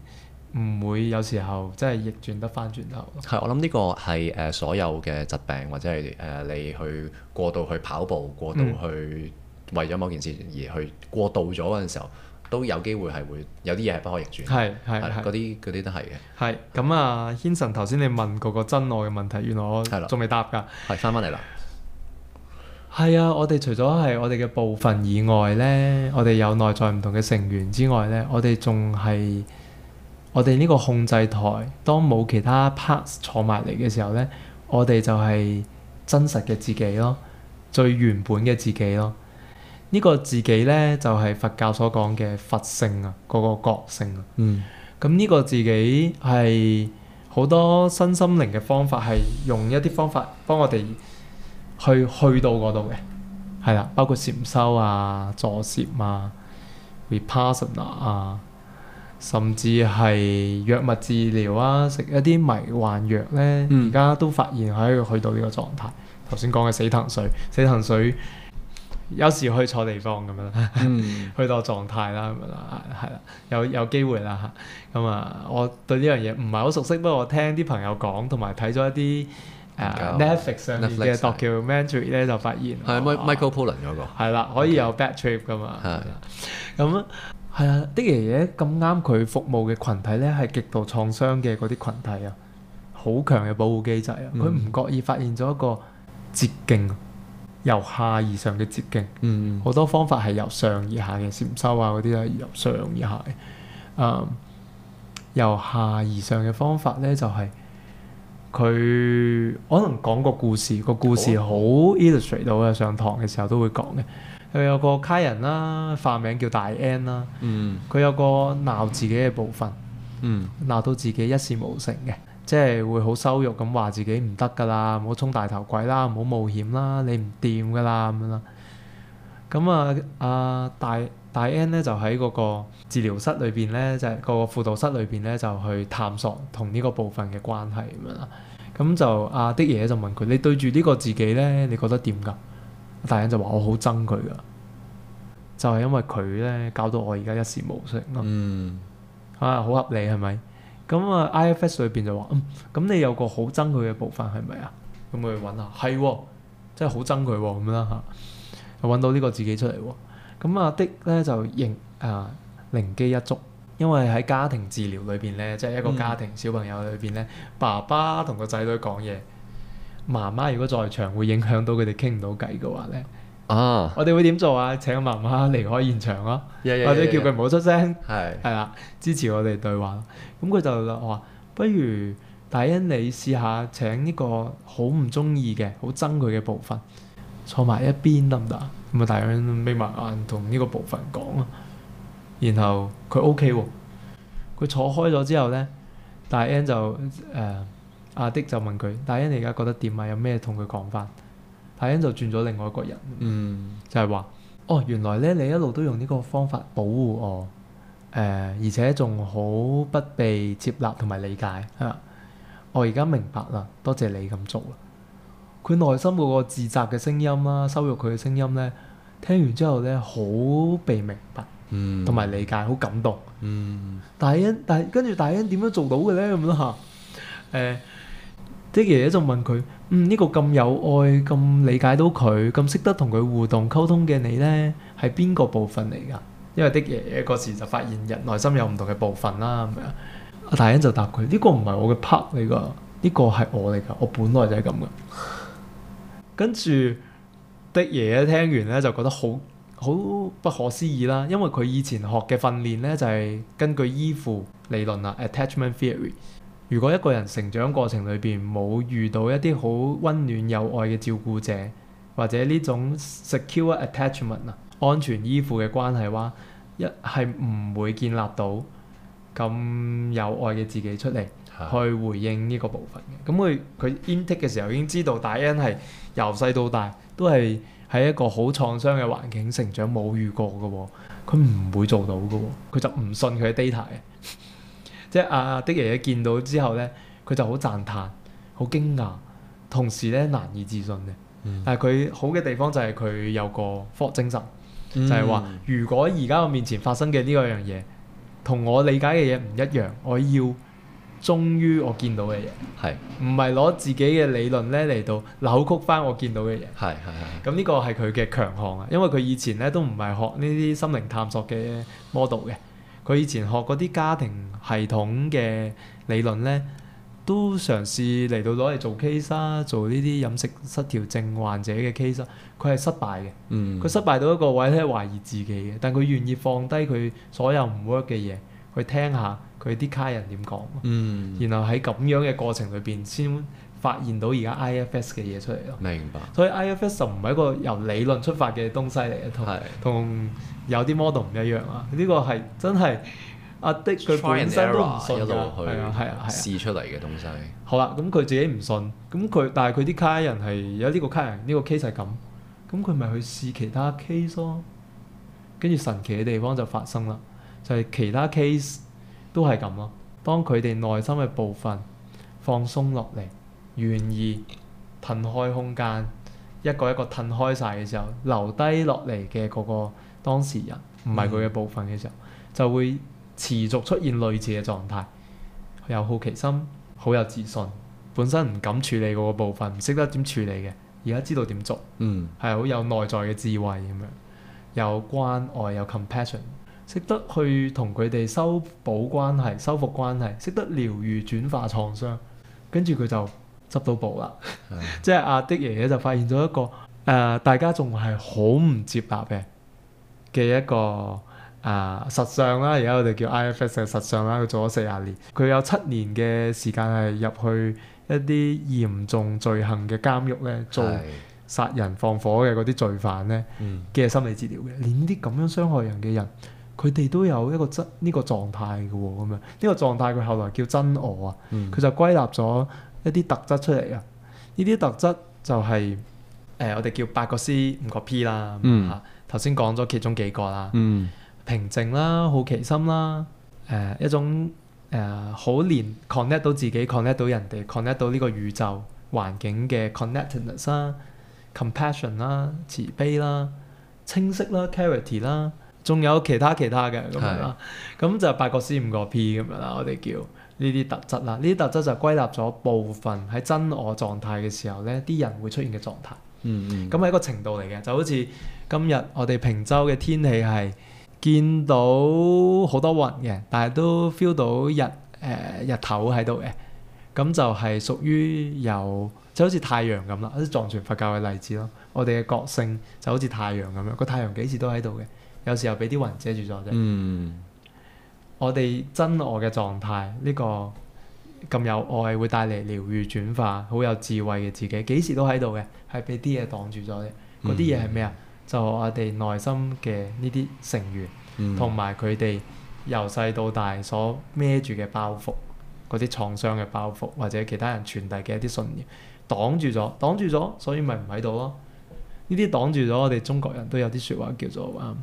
唔會有時候真係逆轉得返轉頭。係，我諗呢個係誒、呃、所有嘅疾病或者係誒、呃、你去過度去跑步、過度去、嗯、為咗某件事而去過度咗嗰時候。都有機會係會有啲嘢係不可逆轉，係係係嗰啲嗰啲都係嘅。係咁啊，軒臣頭先你問嗰個真愛嘅問題，的原來我係仲未答㗎，係翻翻嚟啦。係啊，我哋除咗係我哋嘅部分以外呢，我哋有內在唔同嘅成員之外呢，我哋仲係我哋呢個控制台。當冇其他 part 坐埋嚟嘅時候呢，我哋就係真實嘅自己咯，最原本嘅自己咯。呢個自己咧就係、是、佛教所講嘅佛性啊，嗰個覺性啊。嗯。咁呢個自己係好多身心靈嘅方法係用一啲方法幫我哋去去到嗰度嘅，係啦，包括禪修啊、助禪啊、reparsona 啊，甚至係藥物治療啊，食一啲迷幻藥咧，而家、嗯、都發現可以去到呢個狀態。頭先講嘅死藤水，死藤水。有時去錯地方咁樣啦， 去到狀態啦咁樣啦，係啦，有有機會啦嚇。咁啊，我對呢樣嘢唔係好熟悉，不過我聽啲朋友講，同埋睇咗一啲誒、uh, Netflix 上面嘅 documentary 咧，ary, 的就發現係、哦、Michael Pollan 嗰、那個係啦，可以有 bad trip 㗎嘛。係 okay, 的。咁係啊，啲爺爺咁啱佢服務嘅群體咧，係極度創傷嘅嗰啲群體啊，好強嘅保護機制啊，佢唔覺意發現咗一個捷徑。由下而上嘅捷徑，好、嗯、多方法係由上而下嘅禪修啊嗰啲啊，由上而下。誒、um,，由下而上嘅方法咧，就係、是、佢可能講個故事，個故事好 illustrate 到嘅。上堂嘅時候都會講嘅，佢有個卡人啦，化名叫大 N 啦，佢有個鬧自己嘅部分，鬧、嗯、到自己一事無成嘅。即係會好羞辱咁話自己唔得㗎啦，唔好衝大頭鬼啦，唔好冒險啦，你唔掂㗎啦咁樣啦。咁啊，啊大大 N 咧就喺嗰個治療室裏邊咧，就係、是、嗰個輔導室裏邊咧，就去探索同呢個部分嘅關係咁樣啦。咁就阿、啊、的爺爺就問佢：你對住呢個自己咧，你覺得點㗎？大 N 就話：我好憎佢㗎，就係、是、因為佢咧搞到我而家一事無成咯。嗯，啊，好合理係咪？咁啊，IFS 裏邊就話，嗯，咁你有個好憎佢嘅部分係咪？嗯哦哦、啊。咁我哋揾下，係，真係好憎佢咁啦嚇。我揾到呢個自己出嚟喎、哦。咁啊的咧就認啊，靈機一觸，因為喺家庭治療裏邊咧，即係一個家庭小朋友裏邊咧，嗯、爸爸同個仔女講嘢，媽媽如果在場會影響到佢哋傾唔到偈嘅話咧。啊！Ah, 我哋會點做啊？請媽媽離開現場咯，啊，yeah, yeah, yeah, yeah. 或者叫佢唔好出聲，係係啦，支持我哋對話。咁佢就話：不如 Diane 你試下請呢個好唔中意嘅、好憎佢嘅部分坐埋一邊得唔得？咁啊，Diane 眯埋眼同呢個部分講啊，然後佢 OK 喎，啊。佢坐開咗之後咧，Diane 就誒、呃、阿迪就問佢：Diane 你而家覺得點啊？有咩同佢講翻？大英就轉咗另外一個人、嗯，就係、是、話：哦，原來咧你一路都用呢個方法保護我，誒、呃、而且仲好不被接納同埋理解嚇。我而家明白啦，多謝你咁做啦。佢內心嗰個自責嘅聲音啦、羞辱佢嘅聲音咧，聽完之後咧好被明白，同埋、嗯、理解，好感動。嗯、大英，大跟住大英點樣做到嘅咧？咁啦嚇，誒、呃、即爺爺就問佢。嗯，呢個咁有愛、咁理解到佢、咁識得同佢互動溝通嘅你呢，係邊個部分嚟噶？因為的爺爺嗰時就發現人內心有唔同嘅部分啦，咁樣。阿大欣就答佢：呢個唔係我嘅 part 嚟噶，呢個係我嚟噶，我本來就係咁嘅。 跟住的爺爺聽完咧，就覺得好好不可思議啦，因為佢以前學嘅訓練咧就係根據依附理論啊，attachment theory。如果一個人成長過程裏邊冇遇到一啲好温暖有愛嘅照顧者，或者呢種 secure attachment 啊，安全依附嘅關係話，一係唔會建立到咁有愛嘅自己出嚟去回應呢個部分嘅。咁佢佢 intake 嘅時候已經知道，大 N 係由細到大都係喺一個好創傷嘅環境成長，冇遇過嘅喎、哦，佢唔會做到嘅喎、哦，佢就唔信佢嘅 data 嘅。即阿啊，的爺爺見到之後咧，佢就好讚歎、好驚訝，同時咧難以置信嘅。嗯、但係佢好嘅地方就係佢有個科學精神，嗯、就係話如果而家我面前發生嘅呢個樣嘢，同我理解嘅嘢唔一樣，我要忠於我見到嘅嘢，係唔係攞自己嘅理論咧嚟到扭曲翻我見到嘅嘢？係係係。咁呢個係佢嘅強項啊，因為佢以前咧都唔係學呢啲心靈探索嘅 model 嘅。佢以前學過啲家庭系統嘅理論咧，都嘗試嚟到攞嚟做 case 啦，做呢啲飲食失調症患者嘅 case，佢係失敗嘅。嗯。佢失敗到一個位咧，懷疑自己嘅，但佢願意放低佢所有唔 work 嘅嘢，去聽下佢啲家人點講。嗯。然後喺咁樣嘅過程裏邊先，發現到而家 IFS 嘅嘢出嚟咯，明白。所以 IFS 就唔係一個由理論出發嘅東西嚟嘅，同同是有啲 model 唔一樣啊。呢、這個係真係阿的佢本身都唔信㗎，係啊係啊試出嚟嘅東西。好啦，咁佢自己唔信，咁佢但係佢啲 client 係有呢個 client 呢個 case 係咁，咁佢咪去試其他 case 咯。跟住神奇嘅地方就發生啦，就係、是、其他 case 都係咁咯。當佢哋內心嘅部分放鬆落嚟。願意褪開空間，一個一個褪開晒嘅時候，留低落嚟嘅嗰個當事人唔係佢嘅部分嘅時候，嗯、就會持續出現類似嘅狀態。有好奇心，好有自信，本身唔敢處理嗰個部分，唔識得點處理嘅，而家知道點做，係好、嗯、有內在嘅智慧咁樣，有關愛有 compassion，識得去同佢哋修補關係、修復關係，識得療愈轉化創傷，跟住佢就執到寶啦！的即係阿、啊、的爺爺就發現咗一個誒、呃，大家仲係好唔接納嘅嘅一個啊、呃、實相啦。而家我哋叫 I F S 嘅實相啦。佢做咗四十年，佢有七年嘅時間係入去一啲嚴重罪行嘅監獄咧，做殺人放火嘅嗰啲罪犯咧嘅的心理治療嘅。連啲咁樣傷害人嘅人，佢哋都有一個真呢、這個狀態嘅喎。咁樣呢個狀態，佢後來叫真我啊。佢的、嗯、就歸納咗。一啲特質出嚟啊！呢啲特質就係誒，我哋叫八個 C 五個 P 啦嚇。頭先講咗其中幾個啦，平靜啦、好奇心啦、誒一種誒好連 connect 到自己、connect 到人哋、connect 到呢個宇宙環境嘅 connectedness 啦、compassion 啦、慈悲啦、清晰啦、clarity 啦，仲有其他其他嘅咁樣啦。咁就八個 C 五個 P 咁樣啦，我哋叫。呢啲特質啦，呢啲特質就歸納咗部分喺真我狀態嘅時候咧，啲人會出現嘅狀態。嗯嗯。咁、嗯、係一個程度嚟嘅，就好似今日我哋坪洲嘅天氣係見到好多雲嘅，但係都 feel 到日誒、呃、日頭喺度嘅。咁就係屬於有就好似太陽咁啦，好似藏傳佛教嘅例子咯。我哋嘅覺性就好似太陽咁樣，個太陽幾時都喺度嘅，有時候俾啲雲遮住咗啫。嗯。我哋真我嘅狀態，呢個咁有愛會帶嚟療愈轉化，好有智慧嘅自己，幾時都喺度嘅，係俾啲嘢擋住咗嘅。啲嘢係咩啊？嗯、就我哋內心嘅呢啲成員，同埋佢哋由細到大所孭住嘅包袱，嗰啲創傷嘅包袱，或者其他人傳遞嘅一啲信念，擋住咗，擋住咗，所以咪唔喺度咯。呢啲擋住咗，我哋中國人都有啲説話叫做話、嗯、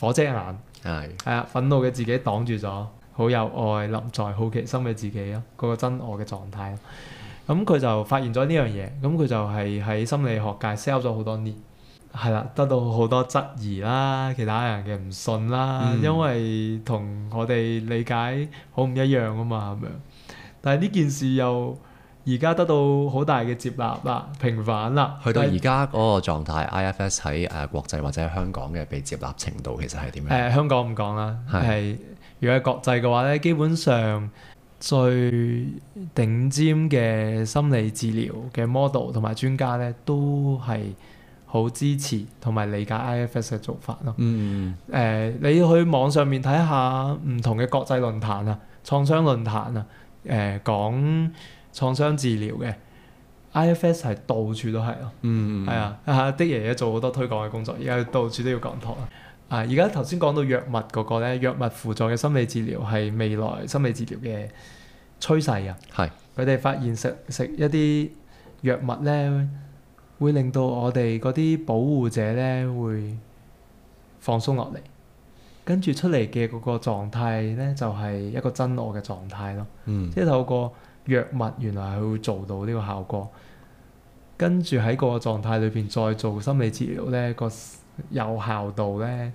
火遮眼。係，係啊！憤怒嘅自己擋住咗，好有愛臨在好奇心嘅自己咯，嗰、那個真我、呃、嘅狀態咯。咁佢就發現咗呢樣嘢，咁佢就係喺心理學界 sell 咗好多年，係啦，得到好多質疑啦，其他人嘅唔信啦，因為同我哋理解好唔一樣啊嘛，咁樣。但係呢件事又～而家得到好大嘅接納啦，平反啦。去到而家嗰個狀態，IFS 喺誒國際或者香港嘅被接納程度其實係點樣？誒、呃、香港唔講啦，係是如果係國際嘅話咧，基本上最頂尖嘅心理治療嘅 model 同埋專家咧，都係好支持同埋理解 IFS 嘅做法咯。嗯嗯、呃、你去網上面睇下唔同嘅國際論壇啊，創傷論壇啊，誒、呃、講。創傷治療嘅 IFS 係到處都係咯，嗯，嗯的，係啊，啲爺爺做好多推廣嘅工作，而家到處都要講台。啊，而家頭先講到藥物嗰、那個咧，藥物輔助嘅心理治療係未來心理治療嘅趨勢啊。係是，佢哋發現食食一啲藥物咧，會令到我哋嗰啲保護者咧會放鬆落嚟，跟住出嚟嘅嗰個狀態咧就係、是、一個真我嘅狀態咯。即係、嗯、透過。藥物原來係會做到呢個效果，跟住喺個狀態裏邊再做心理治療咧，個有效度咧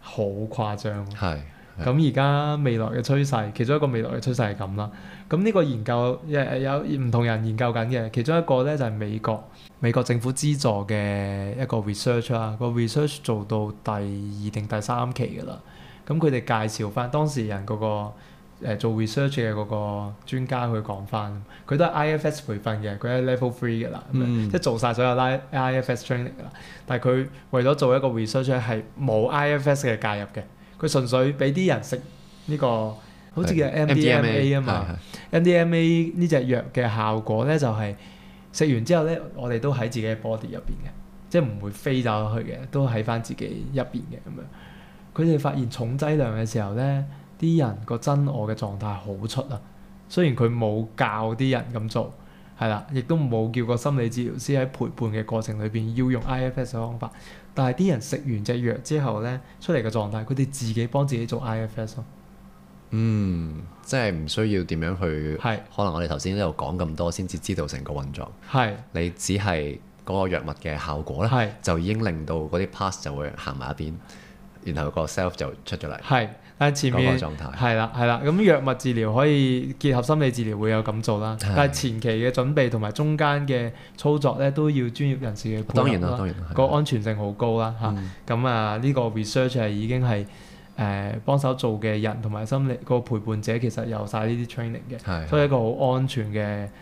好誇張。係，咁而家未來嘅趨勢，其中一個未來嘅趨勢係咁啦。咁呢個研究有唔同人研究緊嘅，其中一個咧就係、是、美國美國政府資助嘅一個 research 啊，個 research 做到第二定第三期㗎啦。咁佢哋介紹翻當事人嗰、那個。誒做 research 嘅嗰個專家去講翻，佢都係 IFS 培訓嘅，佢係 level three 嘅啦，咁、嗯、即係做晒所有 like IFS training 嘅啦。但係佢為咗做一個 research 係冇 IFS 嘅介入嘅，佢純粹俾啲人食呢、這個好似叫 MDMA 啊嘛，MDMA 呢隻藥嘅效果咧就係、是、食完之後咧，我哋都喺自己嘅 body 入邊嘅，即係唔會飛走去嘅，都喺翻自己入邊嘅咁樣。佢哋發現重劑量嘅時候咧。啲人個真我嘅狀態好出啊，雖然佢冇教啲人咁做，係啦、啊，亦都冇叫個心理治療師喺陪伴嘅過程裏邊要用 IFS 嘅方法，但係啲人食完隻藥之後呢，出嚟嘅狀態，佢哋自己幫自己做 IFS 咯、哦。嗯，即係唔需要點樣去，係是可能我哋頭先呢度講咁多先至知道成個運作係。是你只係嗰個藥物嘅效果咧，是就已經令到嗰啲 parts 就會行埋一邊，然後個 self 就出咗嚟。係是。但前面係啦係啦，咁藥物治療可以結合心理治療，會有咁做啦。係嘅。但係前期嘅準備同埋中間嘅操作咧，都要專業人士嘅配合啦。當然當然，個安全性好高啦嚇。咁、嗯、啊呢、呢個 research 係已經係。誒、呃、幫手做嘅人同埋心理、個陪伴者其實有晒呢啲 training 嘅，的所以一個好安全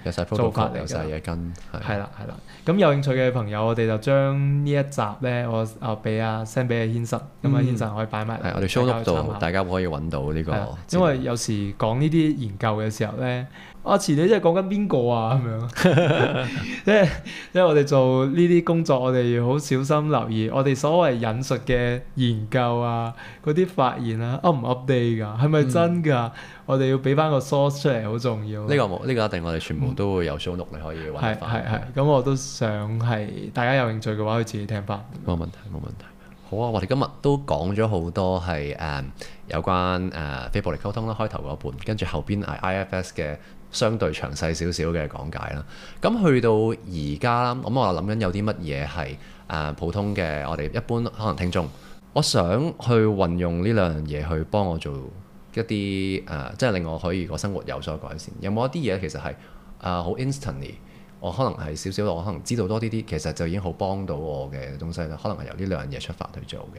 嘅做法嚟有晒嘢跟。係啦，係啦。咁有興趣嘅朋友我，我哋就將呢一集咧，我啊俾阿 send 俾阿軒 sir 咁阿軒 sir 可以擺埋。嚟，我哋 show 到大家可以揾到呢、呢個。因為有時講呢啲研究嘅時候咧。阿池你即係講緊邊個啊？咁樣，即係即係我哋做呢啲工作，我哋要好小心留意，我哋所謂引述嘅研究啊，嗰啲發現啊。up 唔 update 㗎？係咪真㗎？我哋要俾翻個 source 出嚟，好重要。呢個冇，呢個一定我哋全部都會有索錄，你可以揾翻。係係係，咁我都想係大家有興趣嘅話，可以自己聽翻。冇問題，冇問題。好啊，我哋今日都講咗好多係誒有關誒非暴力溝通啦，開頭嗰半，跟住後邊係 IFS 嘅。相對詳細少少嘅講解啦，咁去到而家啦，咁我諗緊有啲乜嘢係誒普通嘅，我哋一般可能聽眾，我想去運用呢兩樣嘢去幫我做一啲誒、呃，即係令我可以個生活有所改善。有冇一啲嘢其實係誒好 instantly，我可能係少少，我可能知道多啲啲，其實就已經好幫到我嘅東西啦？可能係由呢兩樣嘢出發去做嘅。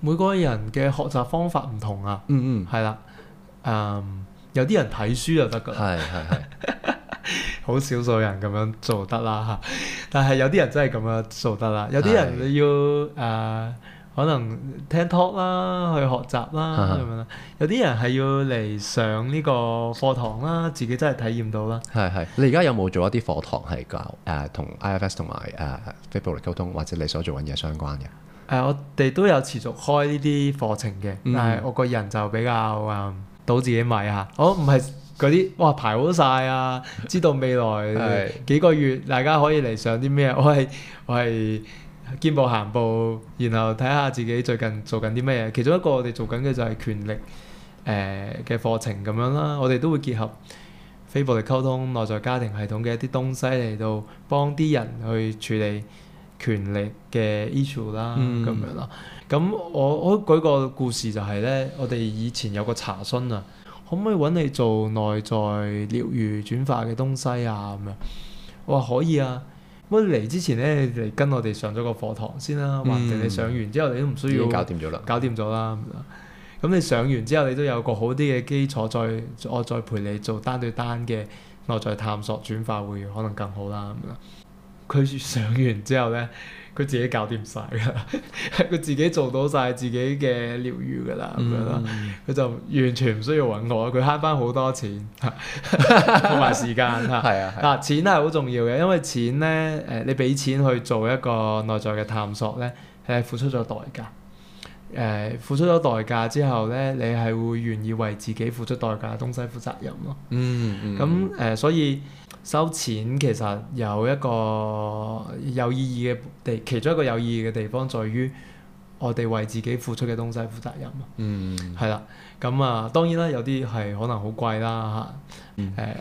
每個人嘅學習方法唔同啊，嗯嗯，係啦，嗯有啲人睇書就得噶，係係係，好 少數人咁樣做得啦。但係有啲人真係咁樣做得啦。有啲人你對要誒、呃，可能聽 talk 啦，去學習啦咁樣。等等嗯、有啲人係要嚟上呢個課堂啦，自己真係體驗到啦。係係，你而家有冇做一啲課堂係教誒同 IFS 同埋誒非暴力溝通，或者你所做緊嘢相關嘅？誒、呃，我哋都有持續開呢啲課程嘅，但係我個人就比較誒。嗯嗯到自己買下、啊，哦、oh，唔係嗰啲，哇排好晒啊！知道未來幾個月 是大家可以嚟上啲咩？我係，我係見步行步，然後睇下自己最近做緊啲咩嘢。其中一個我哋做緊嘅就係權力誒嘅、呃、課程咁樣啦，我哋都會結合非暴力溝通內在家庭系統嘅一啲東西嚟到幫啲人去處理。權力嘅 issue 啦，咁、嗯、樣啦。咁我我舉個故事就係咧，我哋以前有個查詢啊，可唔可以揾你做內在療愈轉化嘅東西啊？咁樣，我話可以啊。咁嚟之前咧，你嚟跟我哋上咗個課堂先啦。嗯、或者你上完之後你都唔需要搞。搞掂咗啦。搞掂咗啦。咁你上完之後你都有個好啲嘅基礎，再我再陪你做單對單嘅內在探索轉化會，會可能更好啦。咁樣。佢上完之後咧，佢自己搞掂晒噶，係佢自己做到晒自己嘅療癒噶啦，咁樣啦，佢就完全唔需要揾我，佢慳翻好多錢同埋 時間。係 啊，嗱、啊，啊、錢係好重要嘅，因為錢咧，誒，你俾錢去做一個內在嘅探索咧，係付出咗代價。誒，付出咗代價之後咧，你係會願意為自己付出代價嘅東西負責任咯、嗯。嗯，咁誒、呃，所以收錢其實有一個有意義嘅地，其中一個有意義嘅地方，在於我哋為自己付出嘅東西負責任。嗯，係啦。咁啊、呃，當然啦，有啲係可能好貴啦嚇。誒、呃，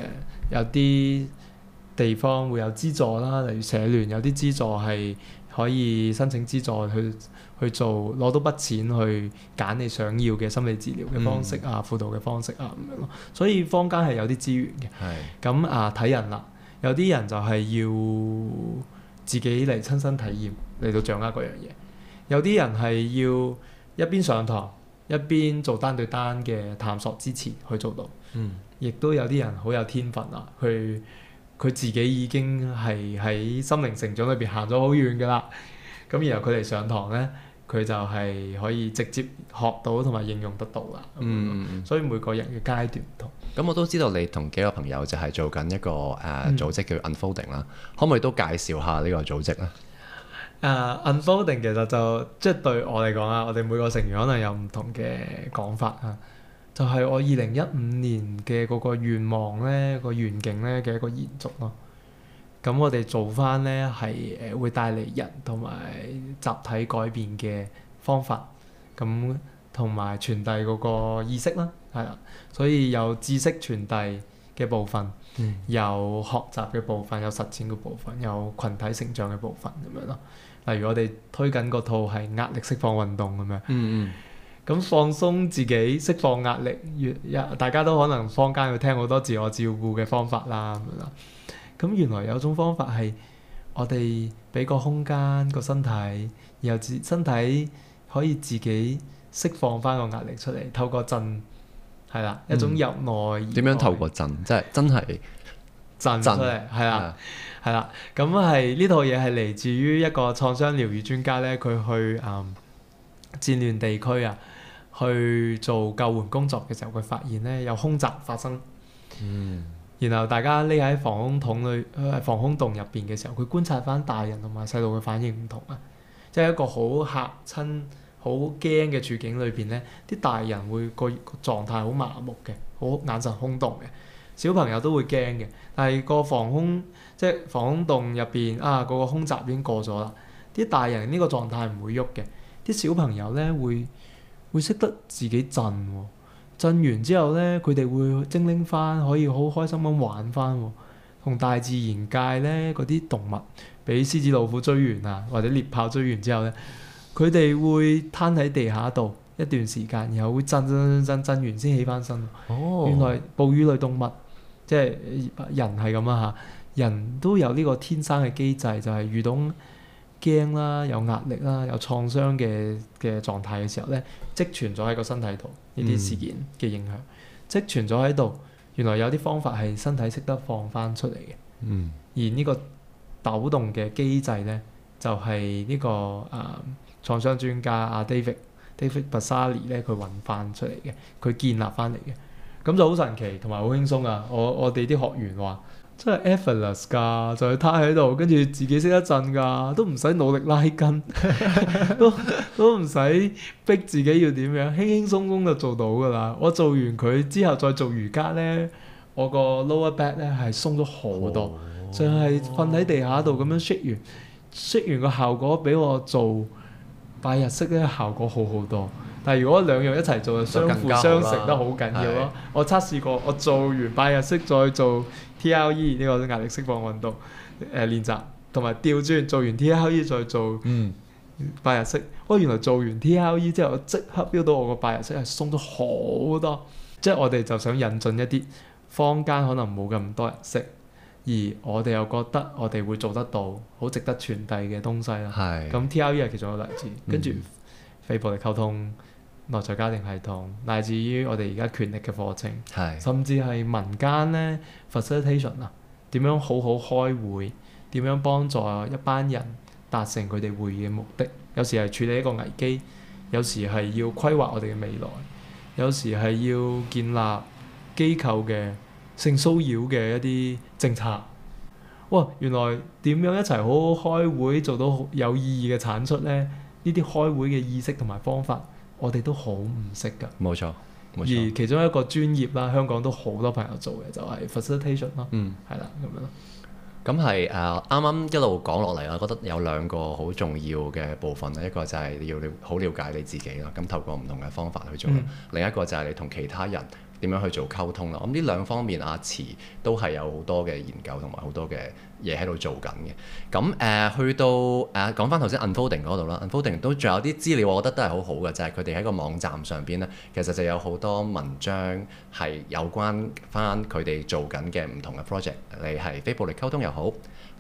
有啲地方會有資助啦，例如社聯有啲資助係可以申請資助去去做攞到筆錢去揀你想要嘅心理治療嘅方式、嗯、啊、輔導嘅方式啊咁樣咯，所以坊間係有啲資源嘅。係咁的啊，睇人啦，有啲人就係要自己嚟親身體驗嚟到掌握嗰樣嘢，有啲人係要一邊上堂一邊做單對單嘅探索支持去做到。嗯，亦都有啲人好有天分啊，佢佢自己已經係喺心靈成長裏邊行咗好遠㗎啦，咁然後佢嚟上堂咧。佢就係可以直接學到同埋應用得到啦、嗯。嗯，所以每個人嘅階段唔同。咁我都知道你同幾個朋友就係做緊一個誒、uh, 組織叫 Unfolding 啦、嗯，可唔可以都介紹下呢個組織咧？誒、uh, Unfolding 其實就即係、就是、對我嚟講啊，我哋每個成員可能有唔同嘅講法啊，就係、是、我二零一五年嘅嗰個願望咧，個願景咧嘅一個延續咯。咁我哋做翻咧係誒會帶嚟人同埋集體改變嘅方法，咁同埋傳遞嗰個意識啦，係啦，所以有知識傳遞嘅部分，嗯、有學習嘅部分，有實踐嘅部分，有群體成長嘅部分咁樣咯。例如我哋推緊嗰套係壓力釋放運動咁樣，嗯嗯，咁放鬆自己，釋放壓力，越大家都可能坊間會聽好多自我照顧嘅方法啦咁樣啦。咁原來有種方法係我哋俾個空間個身體，然後自身體可以自己釋放返個壓力出嚟，透過震係啦，一種入內點樣透過震，來即係真係震，震出嚟，係啦，係啦的。咁係呢套嘢係嚟自於一個創傷療癒專家咧，佢去誒、嗯、戰亂地區啊，去做救援工作嘅時候，佢發現咧有空襲發生。嗯。然後大家匿喺防空筒裏、呃、防空洞入邊嘅時候，佢觀察翻大人同埋細路嘅反應唔同啊！即係一個好嚇親、好驚嘅處境裏邊咧，啲大人會個狀態好麻木嘅，好眼神空洞嘅。小朋友都會驚嘅，但係個防空即係防空洞入邊啊，嗰個空襲已經過咗啦，啲大人呢個狀態唔會喐嘅，啲小朋友咧會會識得自己震喎、哦。震完之後咧，佢哋會精靈翻，可以好開心咁玩翻，同大自然界咧嗰啲動物，俾獅子老虎追完啊，或者獵豹追完之後咧，佢哋會攤喺地下度一段時間，然後會震震震震震完先起翻身。哦，oh. 原來哺乳類動物即係人係咁啊！嚇，人都有呢個天生嘅機制，就係、係、遇到驚啦、有壓力啦、有創傷嘅嘅狀態嘅時候咧，積存咗喺個身體度。呢啲事件嘅影響，嗯、即存咗喺度。原來有啲方法係身體識得放翻出嚟嘅。嗯。而個呢個抖動嘅機制咧，就係、是、呢、這個誒、呃、創傷專家阿 David David Berceli 咧，佢運翻出嚟嘅，佢建立翻嚟嘅。咁就好神奇，同埋好輕鬆啊！我我哋啲學員話。真係 effortless 㗎，就係攤喺度，跟住自己識得震㗎，都唔使努力拉筋， 都都唔使逼自己要點樣，輕輕鬆鬆就做到㗎啦。我做完佢之後再做瑜伽咧，我個 lower back 咧係鬆咗好多，就係瞓喺地下度咁樣 shake 完，shake 完個效果比我做拜日式咧效果好好多。但係如果兩樣一齊做，相輔相成得好緊要咯。是我測試過，我做完拜日式再做。T.L.E. 呢個壓力釋放運動，誒、呃、練習同埋吊磚做完 T.L.E. 再做拜、嗯、日式，哦原來做完 T.L.E. 之後即刻標到我個拜日式係鬆咗好多，即係我哋就想引進一啲坊間可能冇咁多人識，而我哋又覺得我哋會做得到，好值得傳遞嘅東西啦。係是。咁 T.L.E. 係其中一個例子，跟住肺部 c e 嚟溝通。內在家庭系統，乃至於我哋而家權力嘅課程，的甚至係民間咧 facilitation 啊，點樣好好開會，點樣幫助一班人達成佢哋會議嘅目的。有時係處理一個危機，有時係要規劃我哋嘅未來，有時係要建立機構嘅性騷擾嘅一啲政策。哇！原來點樣一齊好好開會做到有意義嘅產出咧？呢啲開會嘅意識同埋方法。我哋都好唔識噶，冇錯，冇錯，而其中一個專業啦，香港都好多朋友做嘅就係、是、facilitation 咯，嗯，係啦，咁樣咯，咁係啱啱一路講落嚟啦，我覺得有兩個好重要嘅部分咧，一個就係你要好了解你自己啦，咁透過唔同嘅方法去做，嗯、另一個就係你同其他人。點樣去做溝通啦？咁呢兩方面阿池都係有好多嘅研究同埋好多嘅嘢喺度做緊嘅。咁誒、呃、去到誒講、呃、翻頭先 Unfolding 嗰度啦，Unfolding 都仲有啲資料，我覺得都係好好嘅，就係佢哋喺個網站上邊咧，其實就有好多文章係有關翻佢哋做緊嘅唔同嘅 project，你係非暴力溝通又好。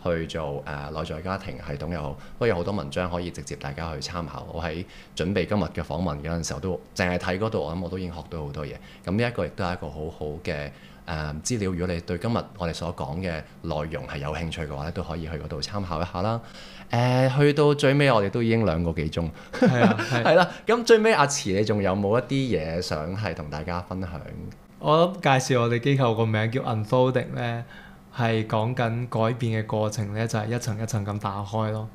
去做誒、呃、內在家庭系統又好，不過有好多文章可以直接大家去參考。我喺準備今日嘅訪問嗰陣時候都淨係睇嗰度，我諗我都已經學到好多嘢。咁呢一個亦都係一個好好嘅誒資料。如果你對今日我哋所講嘅內容係有興趣嘅話咧，都可以去嗰度參考一下啦。誒、呃，去到最尾我哋都已經兩個幾鐘，係啊，係啦。咁 最尾阿池，你仲有冇一啲嘢想係同大家分享？我介紹我哋機構個名叫 Unfolding 咧。係講緊改變嘅過程咧，就係、是、一層一層咁打開咯。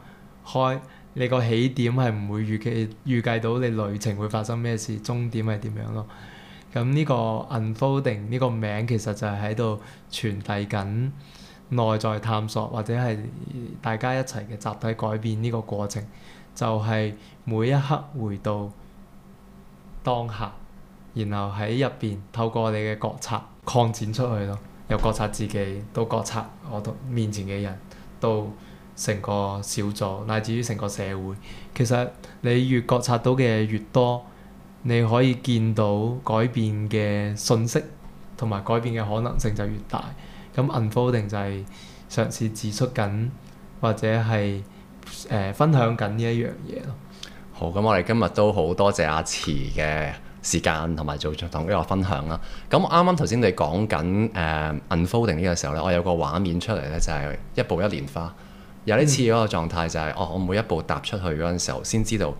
開你個起點係唔會預計預計到你旅程會發生咩事，終點係點樣咯。咁、嗯、呢、呢個 unfolding 呢個名其實就係喺度傳遞緊內在探索或者係大家一齊嘅集體改變呢個過程，就係、是、每一刻回到當下，然後喺入邊透過你嘅覺察擴展出去咯。由覺察自己，到覺察我同面前嘅人，到成個小組，乃至於成個社會。其實你越覺察到嘅越多，你可以見到改變嘅信息同埋改變嘅可能性就越大。咁 Unfolding 就係嘗試指出緊或者係誒、呃、分享緊呢一樣嘢咯。好，咁我哋今日都好多謝阿池嘅。時間同埋做同呢個分享啦。咁啱啱頭先你講緊誒、呃、Unfolding 呢個時候呢，我有個畫面出嚟呢，就係、是、一步一蓮花。有呢次嗰個狀態就係、是，哦，我每一步踏出去嗰陣時候，先知道，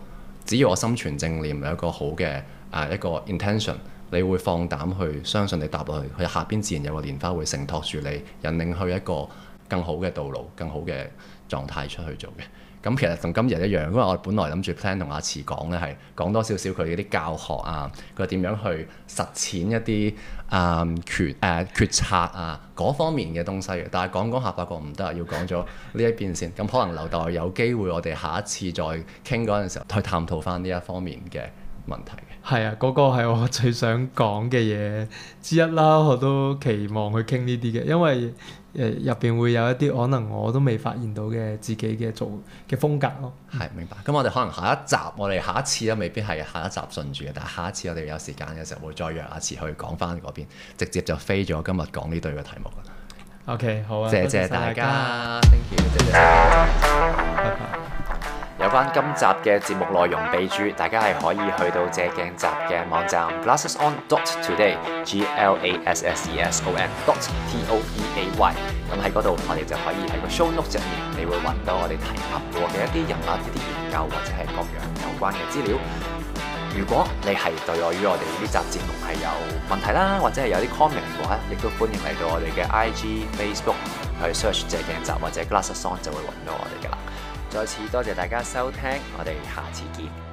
只要我心存正念，有一個好嘅誒、呃、一個 intention，你會放膽去相信你踏落去，佢下邊自然有個蓮花會承托住你，引領去一個更好嘅道路、更好嘅狀態出去做嘅。咁其實同今日一樣，因為我本來諗住 plan 同阿池講咧，係講多少少佢啲教學啊，佢點樣去實踐一啲啊、呃、決誒、呃、決策啊嗰方面嘅東西。但係講講下發覺唔得啊，要講咗呢一邊先。咁可能留待有機會，我哋下一次再傾嗰陣時候，去探討翻呢一方面嘅問題。係啊，嗰、嗰個係我最想講嘅嘢之一啦，我都期望去傾呢啲嘅，因為。入邊會有一啲可能我都未發現到嘅自己嘅做嘅風格咯。係，明白。咁我哋可能下一集，我哋下一次咧，未必係下一集順住嘅。但係下一次我哋有時間嘅時候，會再約一次去講翻嗰邊，直接就飛咗今日講呢對嘅題目啦。OK，好啊，多謝大家，謝謝大家，Thank you，謝謝大家，拜拜。有關今集嘅節目內容備註，大家係可以去到借鏡集嘅網站 GlassesOn dot today G L A S S E S O N dot T O D A Y。咁喺嗰度，我哋就可以喺個 Show Notes 入面，你會揾到我哋提及過嘅一啲人物、啊、一啲研究或者係各樣有關嘅資料。如果你係對於我與我哋呢集節目係有問題啦，或者係有啲 comment 嘅話，亦都歡迎嚟到我哋嘅 IG、Facebook 去 search 借鏡集或者 GlassesOn 就會揾到我哋噶啦。再次多謝大家收聽，我哋下次見。